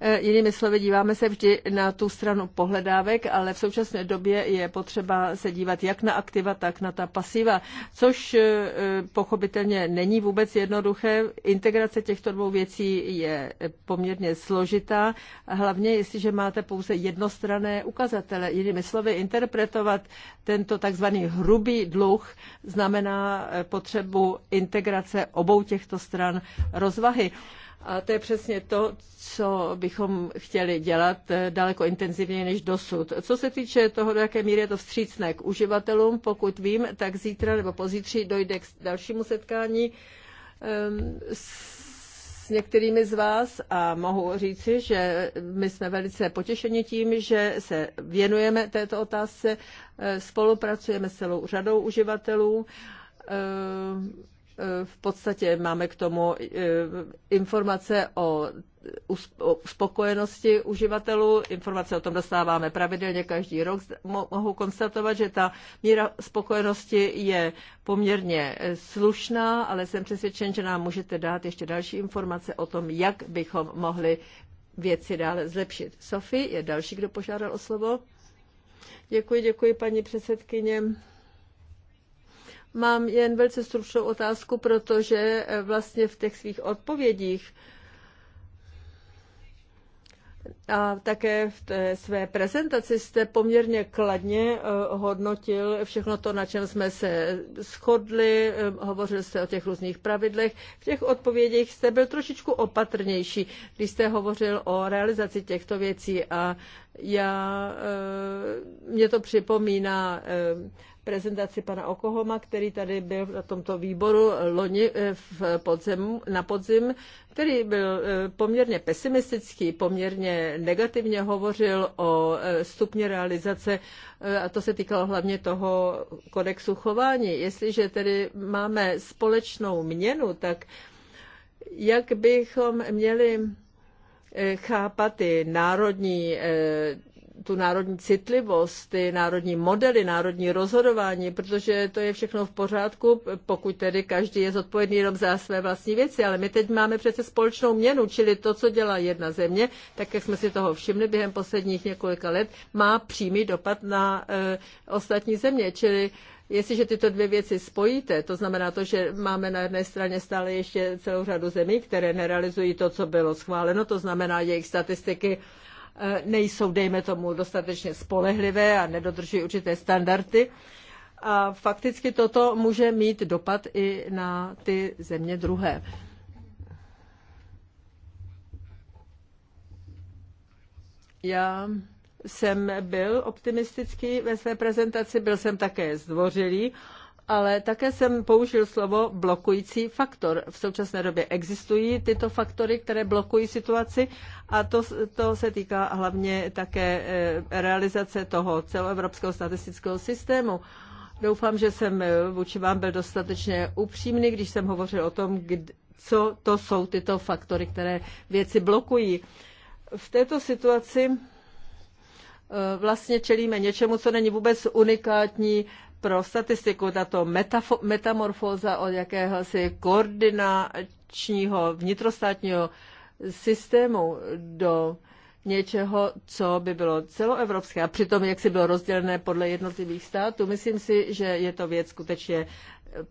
E, jinými slovy, díváme se vždy na tu stranu pohledávek, ale v současné době je potřeba se dívat jak na aktiva, tak na ta pasiva, což e, pochopitelně není vůbec jednoduché. Integrace těchto dvou věcí je poměrně složitá, hlavně jestliže máte pouze jednostrané ukazatele. Jinými slovy, interpretovat tento takzvaný hrubý dluh znamená e, potřebu integrace obou těchto stran rozvahy. A to je přesně to, co bychom chtěli dělat eh, daleko intenzivněji než dosud. Co se týče toho, do jaké míry je to vstřícné k uživatelům, pokud vím, tak zítra nebo pozítří dojde k dalšímu setkání ehm, s některými z vás a mohu říci, že my jsme velice potěšeni tím, že se věnujeme této otázce, eh, spolupracujeme s celou řadou uživatelů ehm, Eh, v podstatě máme k tomu eh, informace o spokojenosti uživatelů. Informace o tom dostáváme pravidelně každý rok. Mohu konstatovat, že ta míra spokojenosti je poměrně eh, slušná, ale jsem přesvědčen, že nám můžete dát ještě další informace o tom, jak bychom mohli věci dále zlepšit. Sofie je další, kdo požádal o slovo. Děkuji, děkuji paní předsedkyně. Mám jen velice stručnou otázku, protože eh, vlastně v těch svých odpovědích a také v té své prezentaci jste poměrně kladně eh, hodnotil všechno to, na čem jsme se shodli, eh, hovořil jste o těch různých pravidlech. V těch odpovědích jste byl trošičku opatrnější, když jste hovořil o realizaci těchto věcí a já, mě to připomíná prezentaci pana Okohoma, který tady byl na tomto výboru eh, loni eh, v podzim, na podzim, který byl eh, poměrně pesimistický, poměrně negativně hovořil o stupně realizace a to se týkalo hlavně toho kodexu chování. Jestliže tedy máme společnou měnu, tak jak bychom měli chápat ty národní tu národní citlivost, ty národní modely, národní rozhodování, protože to je všechno v pořádku, pokud tedy každý je zodpovědný jenom za své vlastní věci, ale my teď máme přece společnou měnu, čili to, co dělá jedna země, tak jak jsme si toho všimli během posledních několika let, má přímý dopad na e, ostatní země, čili Jestliže tyto dvě věci spojíte, to znamená to, že máme na jedné straně stále ještě celou řadu zemí, které nerealizují to, co bylo schváleno, to znamená jejich statistiky Eh, nejsou, dejme tomu, dostatečně spolehlivé a nedodržují určité standardy. A fakticky toto může mít dopad i na ty země druhé. Já jsem byl optimistický ve své prezentaci, byl jsem také zdvořilý ale také jsem použil slovo blokující faktor. V současné době existují tyto faktory, které blokují situaci a to, to se týká hlavně také eh, realizace toho celoevropského statistického systému. Doufám, že jsem eh, vůči vám byl dostatečně upřímný, když jsem hovořil o tom, co to jsou tyto faktory, které věci blokují. V této situaci eh, vlastně čelíme něčemu, co není vůbec unikátní pro statistiku tato metamorfóza od jakéhosi koordinačního vnitrostátního systému do něčeho, co by bylo celoevropské a přitom jak si bylo rozdělené podle jednotlivých států. Myslím si, že je to věc skutečně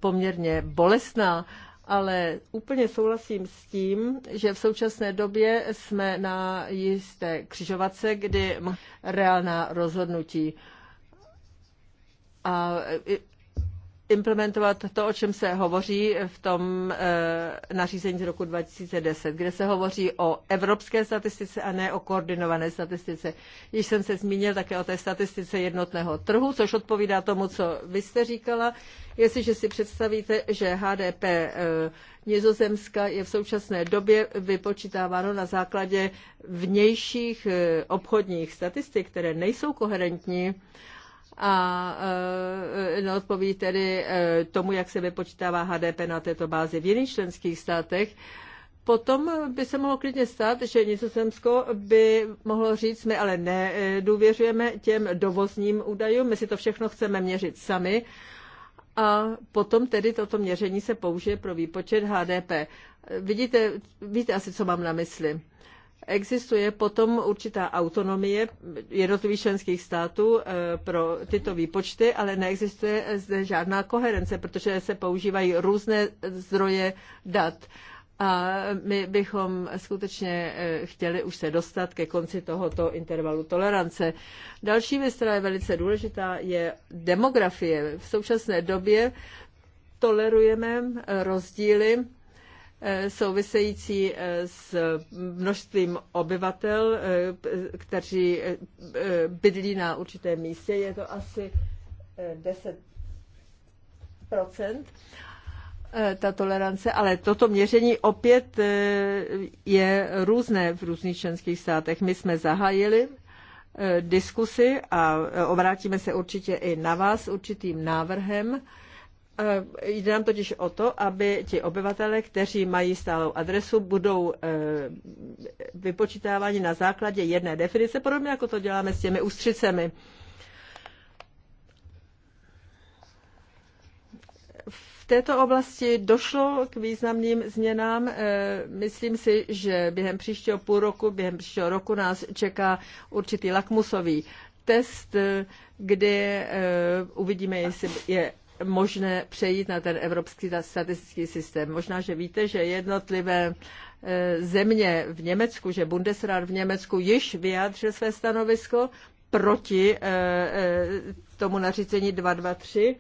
poměrně bolestná, ale úplně souhlasím s tím, že v současné době jsme na jisté křižovatce, kdy reálná rozhodnutí a implementovat to, o čem se hovoří v tom e, nařízení z roku 2010, kde se hovoří o evropské statistice a ne o koordinované statistice. Již jsem se zmínil také o té statistice jednotného trhu, což odpovídá tomu, co vy jste říkala. Jestliže si představíte, že HDP e, Nizozemska je v současné době vypočítáváno na základě vnějších e, obchodních statistik, které nejsou koherentní, a e, neodpoví tedy e, tomu, jak se vypočítává HDP na této bázi v jiných členských státech, potom by se mohlo klidně stát, že Nizozemsko by mohlo říct, my ale nedůvěřujeme těm dovozním údajům, my si to všechno chceme měřit sami a potom tedy toto měření se použije pro výpočet HDP. Vidíte, víte asi, co mám na mysli. Existuje potom určitá autonomie jednotlivých členských států eh, pro tyto výpočty, ale neexistuje zde žádná koherence, protože se používají různé zdroje dat. A my bychom skutečně eh, chtěli už se dostat ke konci tohoto intervalu tolerance. Další věc, která je velice důležitá, je demografie. V současné době tolerujeme rozdíly související eh, s množstvím obyvatel, eh, kteří eh, bydlí na určitém místě. Je to asi 10 ta tolerance, ale toto měření opět je různé v různých členských státech. My jsme zahájili diskusy a obrátíme se určitě i na vás určitým návrhem Jde nám totiž o to, aby ti obyvatele, kteří mají stálou adresu, budou eh, vypočítáváni na základě jedné definice, podobně jako to děláme s těmi ústřicemi. V této oblasti došlo k významným změnám. Eh, myslím si, že během příštího půl roku, během příštího roku nás čeká určitý lakmusový test, eh, kdy uvidíme, jestli je možné přejít na ten evropský statistický systém. Možná, že víte, že jednotlivé e, země v Německu, že Bundesrat v Německu již vyjádřil své stanovisko proti e, e, tomu nařízení 223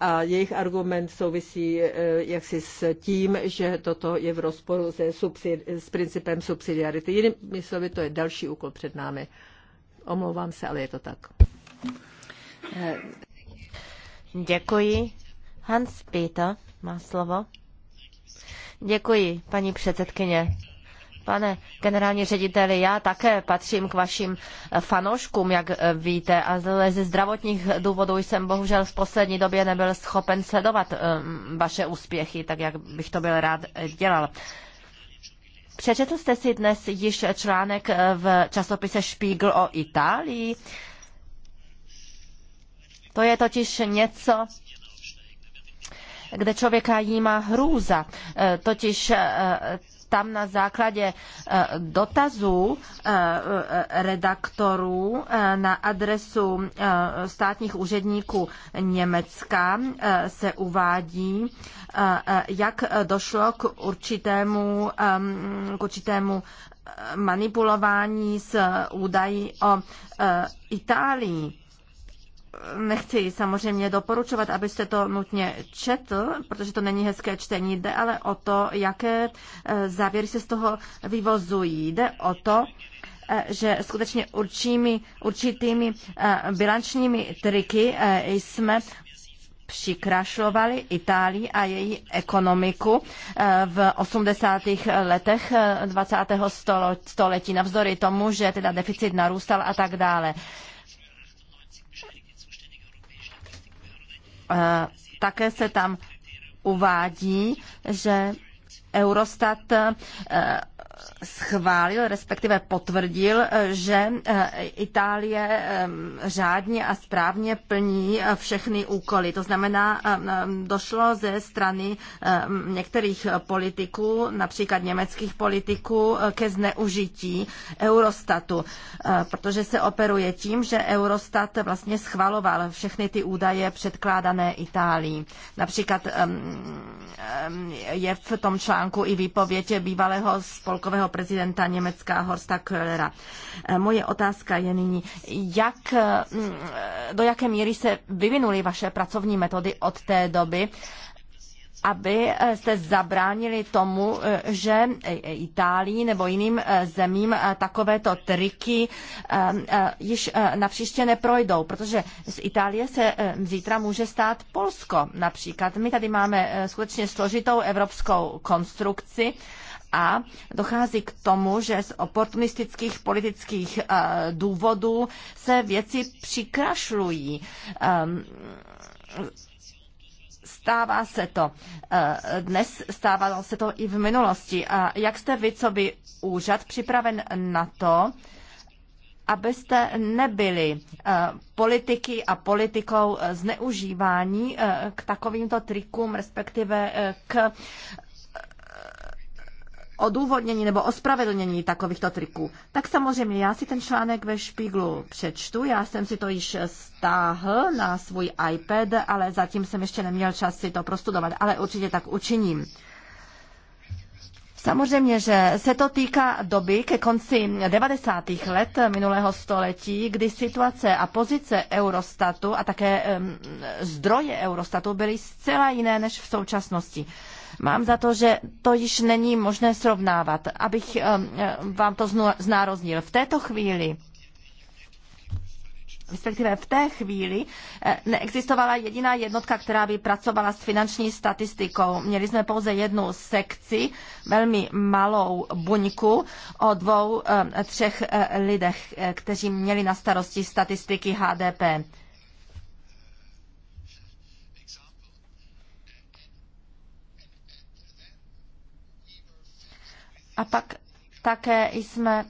a jejich argument souvisí jaksi s tím, že toto je v rozporu se subsid, s principem subsidiarity. Jinými slovy, to je další úkol před námi. Omlouvám se, ale je to tak. Děkuji. Hans Pita má slovo. Děkuji, paní předsedkyně. Pane generální řediteli, já také patřím k vašim eh, fanouškům, jak eh, víte, a ze zdravotních důvodů jsem bohužel v poslední době nebyl schopen sledovat eh, vaše úspěchy, tak jak bych to byl rád dělal. Přečetl jste si dnes již článek v časopise Spiegel o Itálii? To je totiž něco, kde člověka jímá hrůza. Eh, totiž eh, tam na základě eh, dotazů redaktorů na adresu státních úředníků Německa se uvádí, jak došlo k určitému, k určitému manipulování s údají o Itálii nechci samozřejmě doporučovat, abyste to nutně četl, protože to není hezké čtení. Jde ale o to, jaké e, závěry se z toho vyvozují. Jde o to, e, že skutečně určími určitými e, bilančními triky jsme přikrašlovali Itálii a její ekonomiku v 80. letech 20. století, navzdory tomu, že teda deficit narůstal a tak dále. také se tam uvádí, že Eurostat eh, schválil, respektive potvrdil, eh, že eh, Itálie eh, řádně a správně plní všechny úkoly. To znamená, došlo ze strany některých politiků, například německých politiků, ke zneužití Eurostatu, protože se operuje tím, že Eurostat vlastně schvaloval všechny ty údaje předkládané Itálii. Například je v tom článku i výpověď bývalého spolkového prezidenta Německa Horsta Köhlera. E, moje otázka je nyní, jak, e, e, do jaké míry se vyvinuly vaše pracovní metody od té doby aby eh, se zabránili tomu, eh, že eh, Itálii nebo jiným zemím takovéto triky již napříště neprojdou, protože z Itálie se zítra může stát Polsko například. My tady máme skutečně složitou evropskou konstrukci, a dochází k tomu, že z oportunistických politických důvodů se věci přikrašlují ehm, Stává se to eh, dnes, stávalo se to i v minulosti. A jak jste vy, co by úřad, připraven na to, abyste nebyli eh, politiky a politikou eh, zneužívání k takovýmto trikům, respektive k odůvodnění nebo ospravedlnění takovýchto triků. Tak samozřejmě já si ten článek ve špíglu přečtu, já jsem si to již stáhl na svůj iPad, ale zatím jsem ještě neměl čas si to prostudovat, ale určitě tak učiním. Samozřejmě, že se to týká doby ke konci 90. let minulého století, kdy situace a pozice Eurostatu a také um, zdroje Eurostatu byly zcela jiné než v současnosti. Mám za to, že to již není možné srovnávat. Abych eh, eh, vám to znároznil. V této chvíli respektive v té chvíli eh, neexistovala jediná jednotka, která by pracovala s finanční statistikou. Měli jsme pouze jednu sekci, velmi malou buňku o dvou, třech lidech, kteří měli na starosti statistiky HDP. A pak také jsme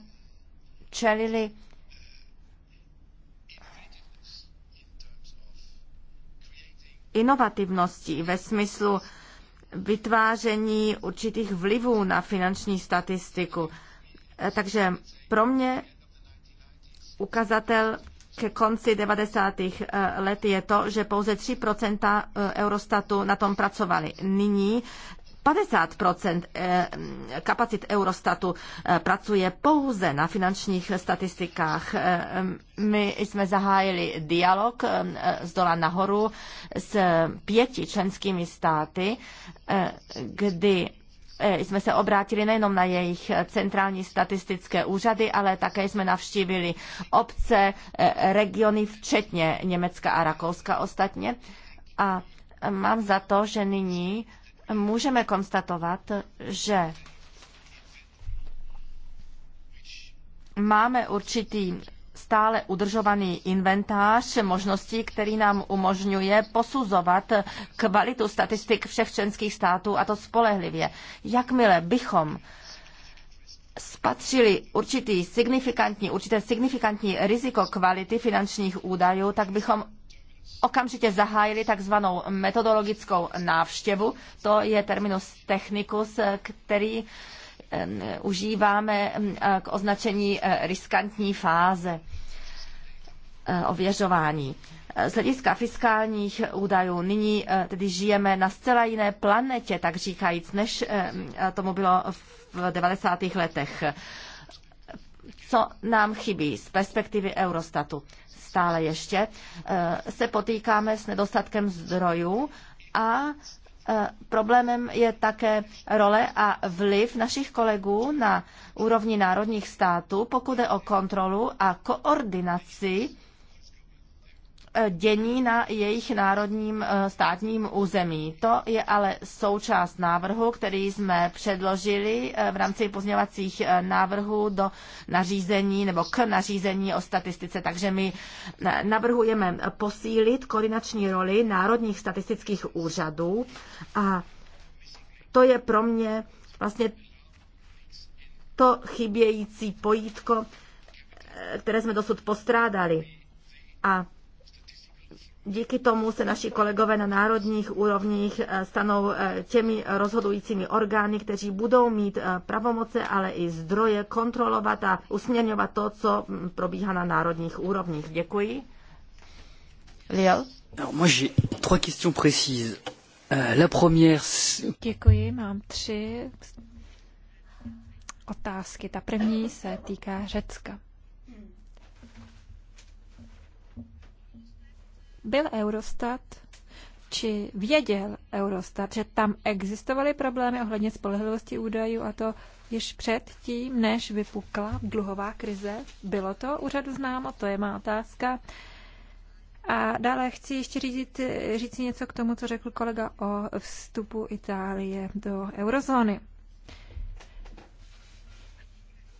čelili inovativnosti ve smyslu vytváření určitých vlivů na finanční statistiku. E, takže pro mě ukazatel ke konci 90. E, let je to, že pouze 3 e, Eurostatu na tom pracovali. Nyní 50 eh, kapacit Eurostatu eh, pracuje pouze na finančních statistikách. Eh, my jsme zahájili dialog z dola nahoru s pěti členskými státy, kdy jsme se obrátili nejenom na jejich centrální statistické úřady, ale také jsme navštívili obce, regiony, včetně Německa a Rakouska ostatně. A mám za to, že nyní můžeme konstatovat, že máme určitý stále udržovaný inventář možností, který nám umožňuje posuzovat kvalitu statistik všech členských států a to spolehlivě. Jakmile bychom spatřili určitý signifikantní, určité signifikantní riziko kvality finančních údajů, tak bychom okamžitě zahájili takzvanou metodologickou návštěvu. To je terminus technicus, který užíváme k označení e, riskantní fáze e, ověřování. E, z hlediska fiskálních údajů nyní tedy žijeme na zcela jiné planetě, tak říkajíc, než tomu bylo v 90. letech. Co nám chybí z perspektivy Eurostatu? stále ještě, eh, se potýkáme s nedostatkem zdrojů a eh, Problémem je také role a vliv našich kolegů na úrovni národních států, pokud je o kontrolu a koordinaci E, dění na jejich národním e, státním území. To je ale součást návrhu, který jsme předložili e, v rámci pozměvacích návrhů do nařízení nebo k nařízení o statistice. Takže my navrhujeme posílit koordinační roli národních statistických úřadů a to je pro mě vlastně to chybějící pojítko, které jsme dosud postrádali. A Díky tomu se naši kolegové na národních úrovních eh, stanou eh, těmi rozhodujícími orgány, kteří budou mít eh, pravomoce, ale i zdroje kontrolovat a usměrňovat to, co mm, probíhá na národních úrovních. Děkuji. Liel? Euh, Děkuji, mám tři otázky. Ta první se týká Řecka. byl Eurostat, či věděl Eurostat, že tam existovaly problémy ohledně spolehlivosti údajů a to již před tím, než vypukla dluhová krize? Bylo to úřadu známo? To je má otázka. A dále chci ještě říct, říct něco k tomu, co řekl kolega o vstupu Itálie do eurozóny.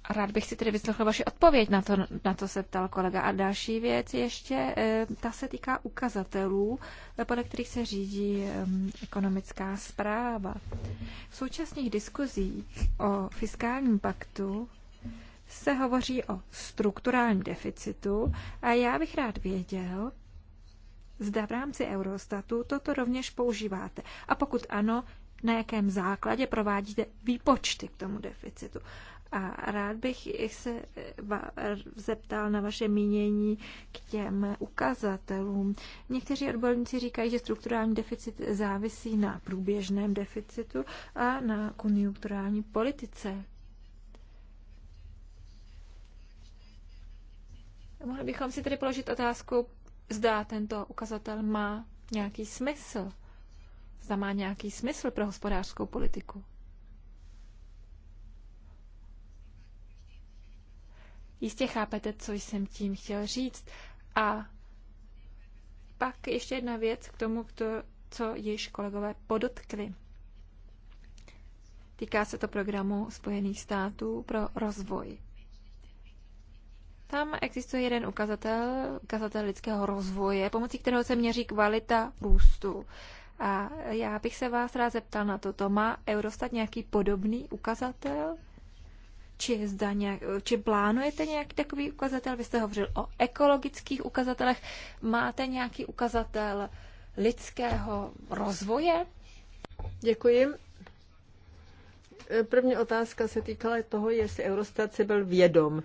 Rád bych si tedy vyslechl vaši odpověď na to, na to se ptal kolega. A další věc ještě, eh, ta se týká ukazatelů, eh, podle kterých se řídí ehm, ekonomická zpráva. V současných diskuzích o fiskálním paktu se hovoří o strukturálním deficitu a já bych rád věděl, zda v rámci Eurostatu toto rovněž používáte. A pokud ano, na jakém základě provádíte výpočty k tomu deficitu. A rád bych se zeptal na vaše mínění k těm ukazatelům. Někteří odborníci říkají, že strukturální deficit závisí na průběžném deficitu a na konjunkturální politice. Mohli bychom si tedy položit otázku, zda tento ukazatel má nějaký smysl. Zda má nějaký smysl pro hospodářskou politiku. Jistě chápete, co jsem tím chtěl říct. A pak ještě jedna věc k tomu, kdo, co již kolegové podotkli. Týká se to programu Spojených států pro rozvoj. Tam existuje jeden ukazatel, ukazatel lidského rozvoje, pomocí kterého se měří kvalita růstu. A já bych se vás rád zeptal na to. Má Eurostat nějaký podobný ukazatel? či, zda nějak, či plánujete nějaký takový ukazatel? Vy jste hovořil o ekologických ukazatelech. Máte nějaký ukazatel lidského rozvoje? Děkuji. První otázka se týkala toho, jestli Eurostat si byl vědom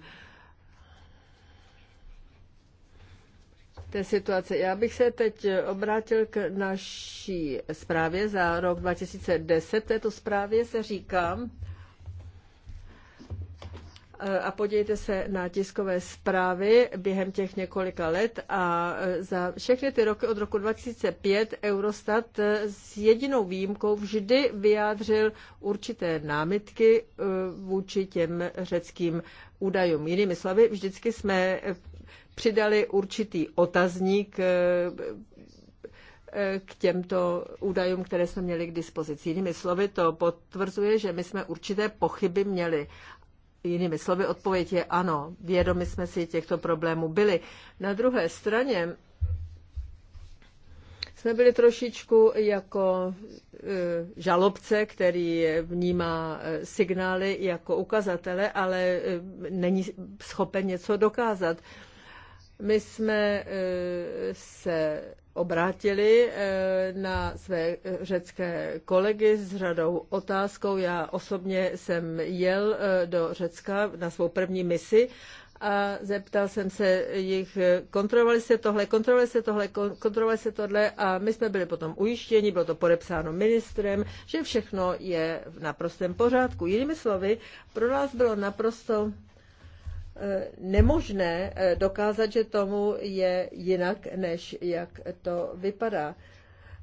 té situace. Já bych se teď obrátil k naší zprávě za rok 2010. V této zprávě se říká, a podívejte se na tiskové zprávy během těch několika let a za všechny ty roky od roku 2005 Eurostat s jedinou výjimkou vždy vyjádřil určité námitky eh, vůči těm řeckým údajům. Jinými slovy, vždycky jsme přidali určitý otazník eh, eh, k těmto údajům, které jsme měli k dispozici. Jinými slovy, to potvrzuje, že my jsme určité pochyby měli. Jinými slovy, odpověď je ano, vědomi jsme si těchto problémů byli. Na druhé straně jsme byli trošičku jako e, žalobce, který vnímá e, signály jako ukazatele, ale e, není schopen něco dokázat. My jsme se obrátili eh, na své eh, řecké kolegy s řadou otázkou. Já osobně jsem jel eh, do Řecka na svou první misi a zeptal jsem se jich, kontrolovali se tohle, kontrolovali se tohle, kontrolovali se tohle a my jsme byli potom ujištěni, bylo to podepsáno ministrem, že všechno je v naprostém pořádku. Jinými slovy, pro nás bylo naprosto nemožné eh, dokázat, že tomu je jinak, než jak to vypadá.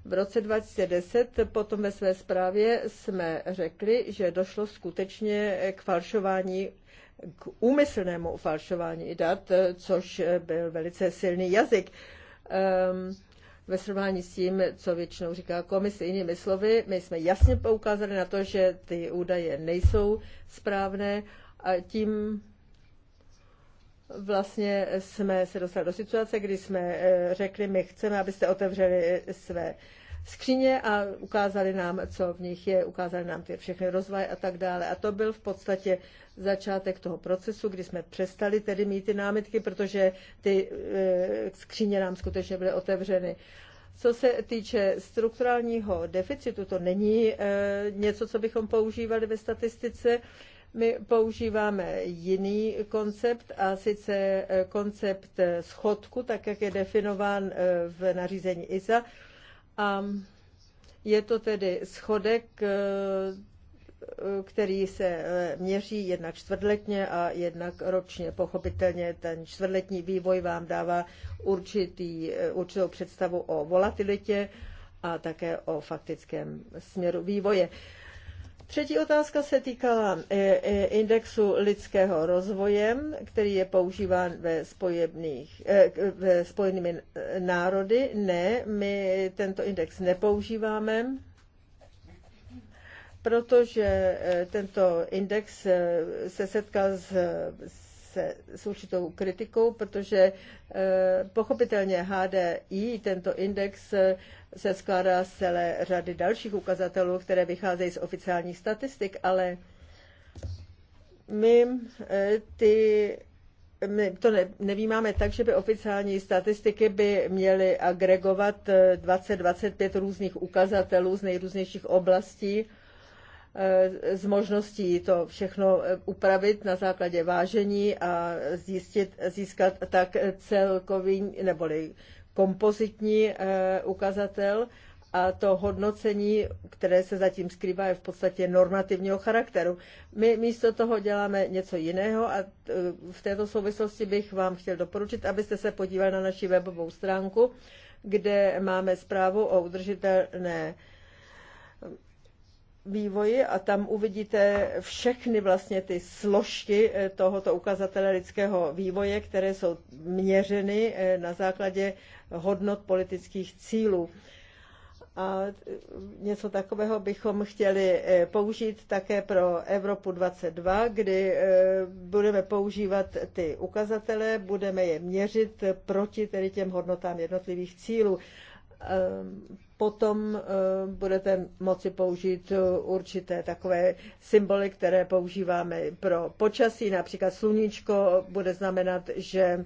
V roce 2010 potom ve své zprávě jsme řekli, že došlo skutečně k falšování, k úmyslnému falšování dat, eh, což byl velice silný jazyk. Um, ve srovnání s tím, co většinou říká komise. Jinými slovy, my jsme jasně poukázali na to, že ty údaje nejsou správné a tím vlastně jsme se dostali do situace, kdy jsme eh, řekli, my chceme, abyste otevřeli eh, své skříně a ukázali nám, co v nich je, ukázali nám ty všechny rozvaj a tak dále. A to byl v podstatě začátek toho procesu, kdy jsme přestali tedy mít ty námitky, protože ty eh, skříně nám skutečně byly otevřeny. Co se týče strukturálního deficitu, to není něco, co bychom používali ve statistice. My používáme jiný koncept a sice eh, koncept eh, schodku, tak jak je definován eh, v nařízení ISA. A je to tedy schodek, který se měří jednak čtvrtletně a jednak ročně. Pochopitelně ten čtvrtletní vývoj vám dává určitý, určitou představu o volatilitě a také o faktickém směru vývoje. Třetí otázka se týkala e, e, indexu lidského rozvoje, který je používán ve, spojených, e, ve spojenými národy. Ne, my tento index nepoužíváme, protože tento index se setkal s, s se s určitou kritikou, protože eh, pochopitelně HDI, tento index, eh, se skládá z celé řady dalších ukazatelů, které vycházejí z oficiálních statistik, ale my eh, ty my to ne, nevnímáme tak, že by oficiální statistiky by měly agregovat 20-25 různých ukazatelů z nejrůznějších oblastí s eh, možností to všechno eh, upravit na základě vážení a zjistit, získat tak celkový neboli kompozitní eh, ukazatel a to hodnocení, které se zatím skrývá, je v podstatě normativního charakteru. My místo toho děláme něco jiného a v této souvislosti bych vám chtěl doporučit, abyste se podívali na naši webovou stránku, kde máme zprávu o udržitelné vývoji a tam uvidíte všechny vlastně ty složky eh, tohoto ukazatele lidského vývoje, které jsou měřeny eh, na základě hodnot politických cílů. A eh, něco takového bychom chtěli použít také pro Evropu 22, kdy budeme používat ty ukazatele, budeme je měřit proti tedy těm hodnotám jednotlivých cílů. Ehm, potom ehm, budete moci použít eh, určité takové symboly, které používáme pro počasí, například sluníčko bude znamenat, že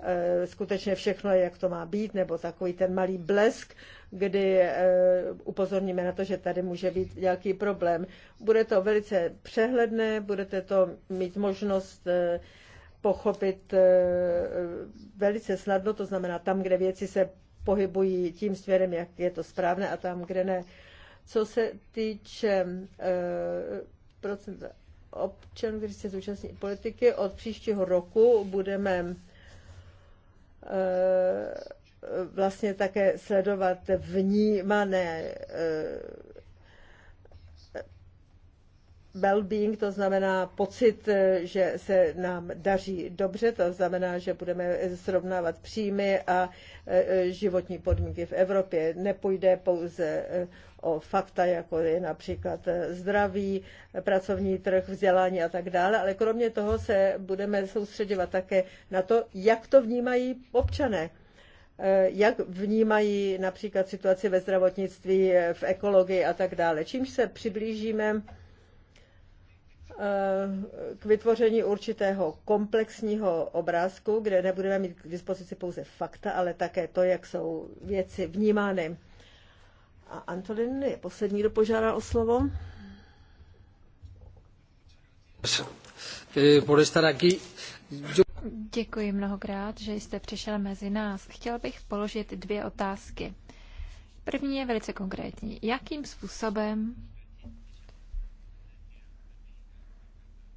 eh, skutečně všechno je, jak to má být, nebo takový ten malý blesk, kdy eh, upozorníme na to, že tady může být nějaký problém. Bude to velice přehledné, budete to mít možnost pochopit velice snadno, to znamená tam, kde věci se pohybují tím směrem, jak je to správné a tam, kde ne. Co se týče eh, procenta občanů, kteří se zúčastní politiky, od příštího roku budeme eh, vlastně také sledovat vnímané eh, well-being, to znamená pocit, eh, že se nám daří dobře, to znamená, že budeme eh, srovnávat příjmy a eh, životní podmínky v Evropě. Nepůjde pouze o fakta, jako je například zdraví, pracovní trh, vzdělání a tak dále, ale kromě toho se budeme soustředovat také na to, jak to vnímají občané jak vnímají například situaci ve zdravotnictví, v ekologii a tak dále. Čímž se přiblížíme k vytvoření určitého komplexního obrázku, kde nebudeme mít k dispozici pouze fakta, ale také to, jak jsou věci vnímány. A Antolin je poslední, kdo požádá o slovo. Eh, Děkuji mnohokrát, že jste přišel mezi nás. Chtěl bych položit dvě otázky. První je velice konkrétní. Jakým způsobem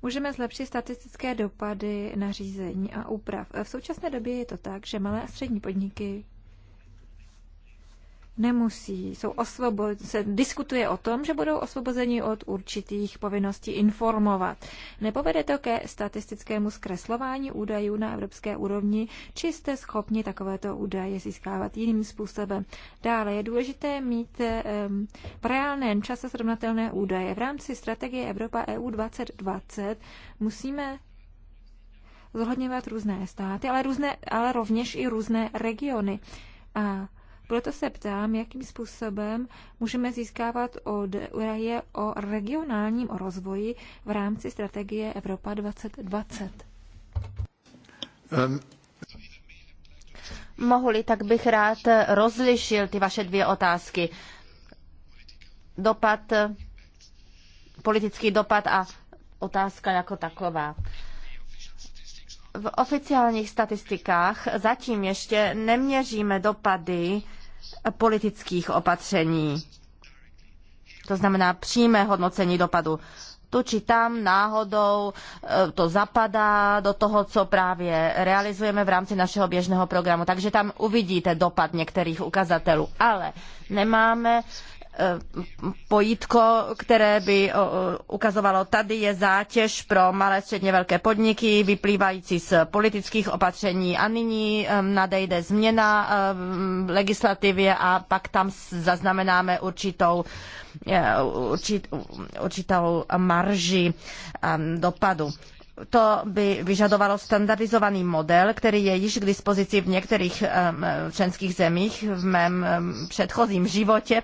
Můžeme zlepšit statistické dopady nařízení a úprav. V současné době je to tak, že malé a střední podniky nemusí, jsou osvobo- se diskutuje o tom, že budou osvobozeni od určitých povinností informovat. Nepovede to ke statistickému zkreslování údajů na evropské úrovni, či jste schopni takovéto údaje získávat jiným způsobem. Dále je důležité mít um, v reálném čase srovnatelné údaje. V rámci strategie Evropa EU 2020 musíme zohledňovat různé státy, ale, různé, ale rovněž i různé regiony. A proto se ptám, jakým způsobem můžeme získávat od Uraje o regionálním rozvoji v rámci strategie Evropa 2020. Um. Mohli, tak bych rád rozlišil ty vaše dvě otázky. Dopad, politický dopad a otázka jako taková. V oficiálních statistikách zatím ještě neměříme dopady politických opatření. To znamená přímé hodnocení dopadu. Tu či tam náhodou e, to zapadá do toho, co právě realizujeme v rámci našeho běžného programu. Takže tam uvidíte dopad některých ukazatelů. Ale nemáme pojítko, které by ukazovalo, tady je zátěž pro malé středně velké podniky vyplývající z politických opatření a nyní nadejde změna v legislativě a pak tam zaznamenáme určitou, určitou marži dopadu. To by vyžadovalo standardizovaný model, který je již k dispozici v některých členských zemích. V mém předchozím životě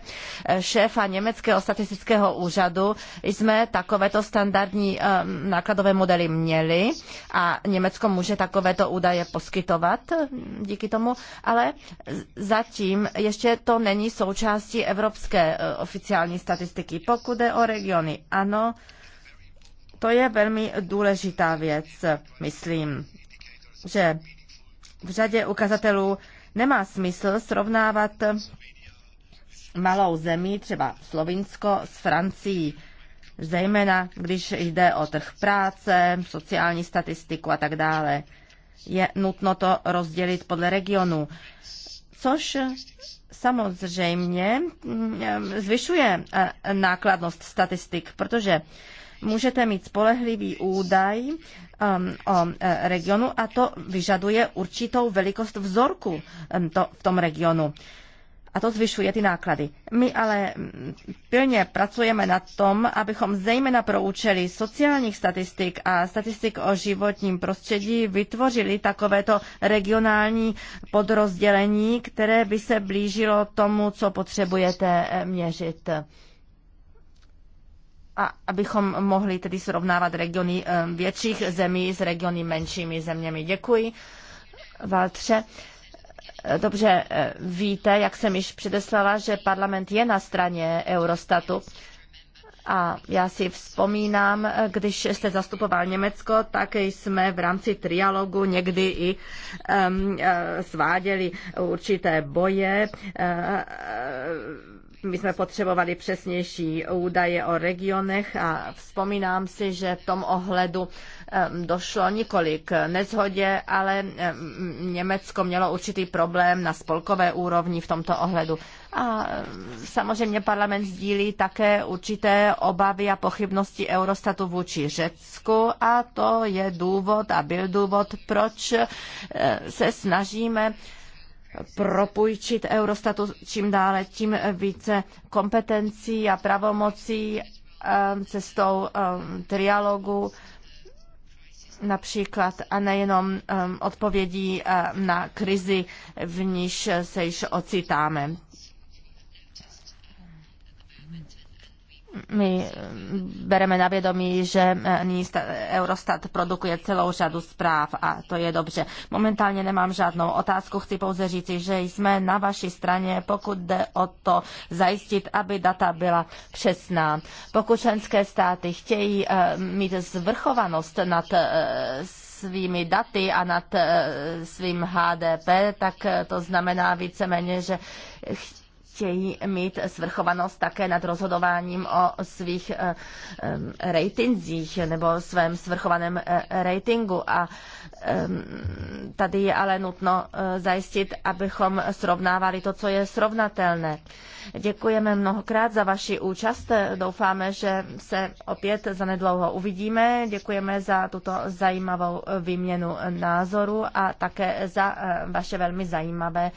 šéfa Německého statistického úřadu jsme takovéto standardní nákladové modely měli a Německo může takovéto údaje poskytovat díky tomu, ale zatím ještě to není součástí evropské e, oficiální statistiky. Pokud jde o regiony, ano, to je velmi důležitá věc, myslím, že v řadě ukazatelů nemá smysl srovnávat malou zemí, třeba Slovinsko, s Francií, zejména když jde o trh práce, sociální statistiku a tak dále. Je nutno to rozdělit podle regionu, což samozřejmě mm, zvyšuje eh, nákladnost statistik, protože můžete mít spolehlivý údaj um, o eh, regionu a to vyžaduje určitou velikost vzorku v tom regionu a to zvyšuje ty náklady. My ale mm, pilně pracujeme na tom, abychom zejména pro účely sociálních statistik a statistik o životním prostředí vytvořili takovéto regionální podrozdělení, které by se blížilo tomu, co potřebujete eh, měřit a abychom mohli tedy srovnávat regiony eh, větších zemí s regiony menšími zeměmi. Děkuji, Valtře. Eh, dobře eh, víte, jak jsem již předeslala, že parlament je na straně Eurostatu. A já si vzpomínám, když jste zastupoval Německo, tak jsme v rámci trialogu někdy i um, sváděli určité boje. Uh, my jsme potřebovali přesnější údaje o regionech a vzpomínám si, že v tom ohledu došlo několik nezhodě, ale Německo mělo určitý problém na spolkové úrovni v tomto ohledu. A samozřejmě parlament sdílí také určité obavy a pochybnosti Eurostatu vůči Řecku a to je důvod a byl důvod, proč se snažíme propůjčit Eurostatu čím dále, tím více kompetencí a pravomocí eh, cestou eh, trialogu například a nejenom eh, odpovědí na krizi, v níž se již ocitáme. My eh, bereme na vědomí, že eh, Eurostat produkuje celou řadu zpráv a to je dobře. Momentálně nemám žádnou otázku, chci pouze říci, že jsme na vaší straně, pokud jde o to zajistit, aby data byla přesná. Pokud členské státy chtějí eh, mít zvrchovanost nad svými daty a nad svým HDP, tak to znamená víceméně, že chtějí mít svrchovanost také nad rozhodováním o svých eh, eh, ratingzích nebo svém svrchovaném eh, ratingu a Ehm, tady je ale nutno eh, zajistit, abychom srovnávali to, co je srovnatelné. Děkujeme mnohokrát za vaši účast. Doufáme, že se opět zanedlouho uvidíme. Děkujeme za tuto zajímavou eh, výměnu názoru a také za eh, vaše velmi zajímavé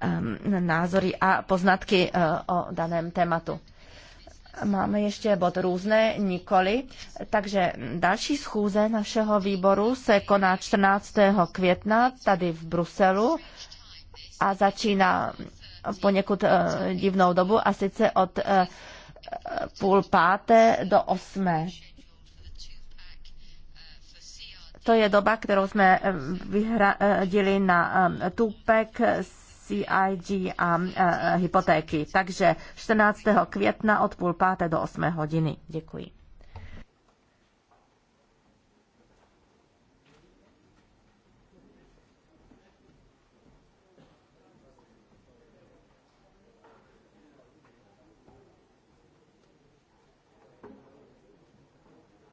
ehm, názory a poznatky o daném tématu. Máme ještě bod různé, nikoli. Takže další schůze našeho výboru se koná 14. května tady v Bruselu a začíná poněkud uh, divnou dobu a sice od uh, půl páté do osmé. To je doba, kterou jsme eh, vyhradili na tupek s CIG a e, e, hypotéky. Takže 14. května od půl páté do 8 hodiny. Děkuji.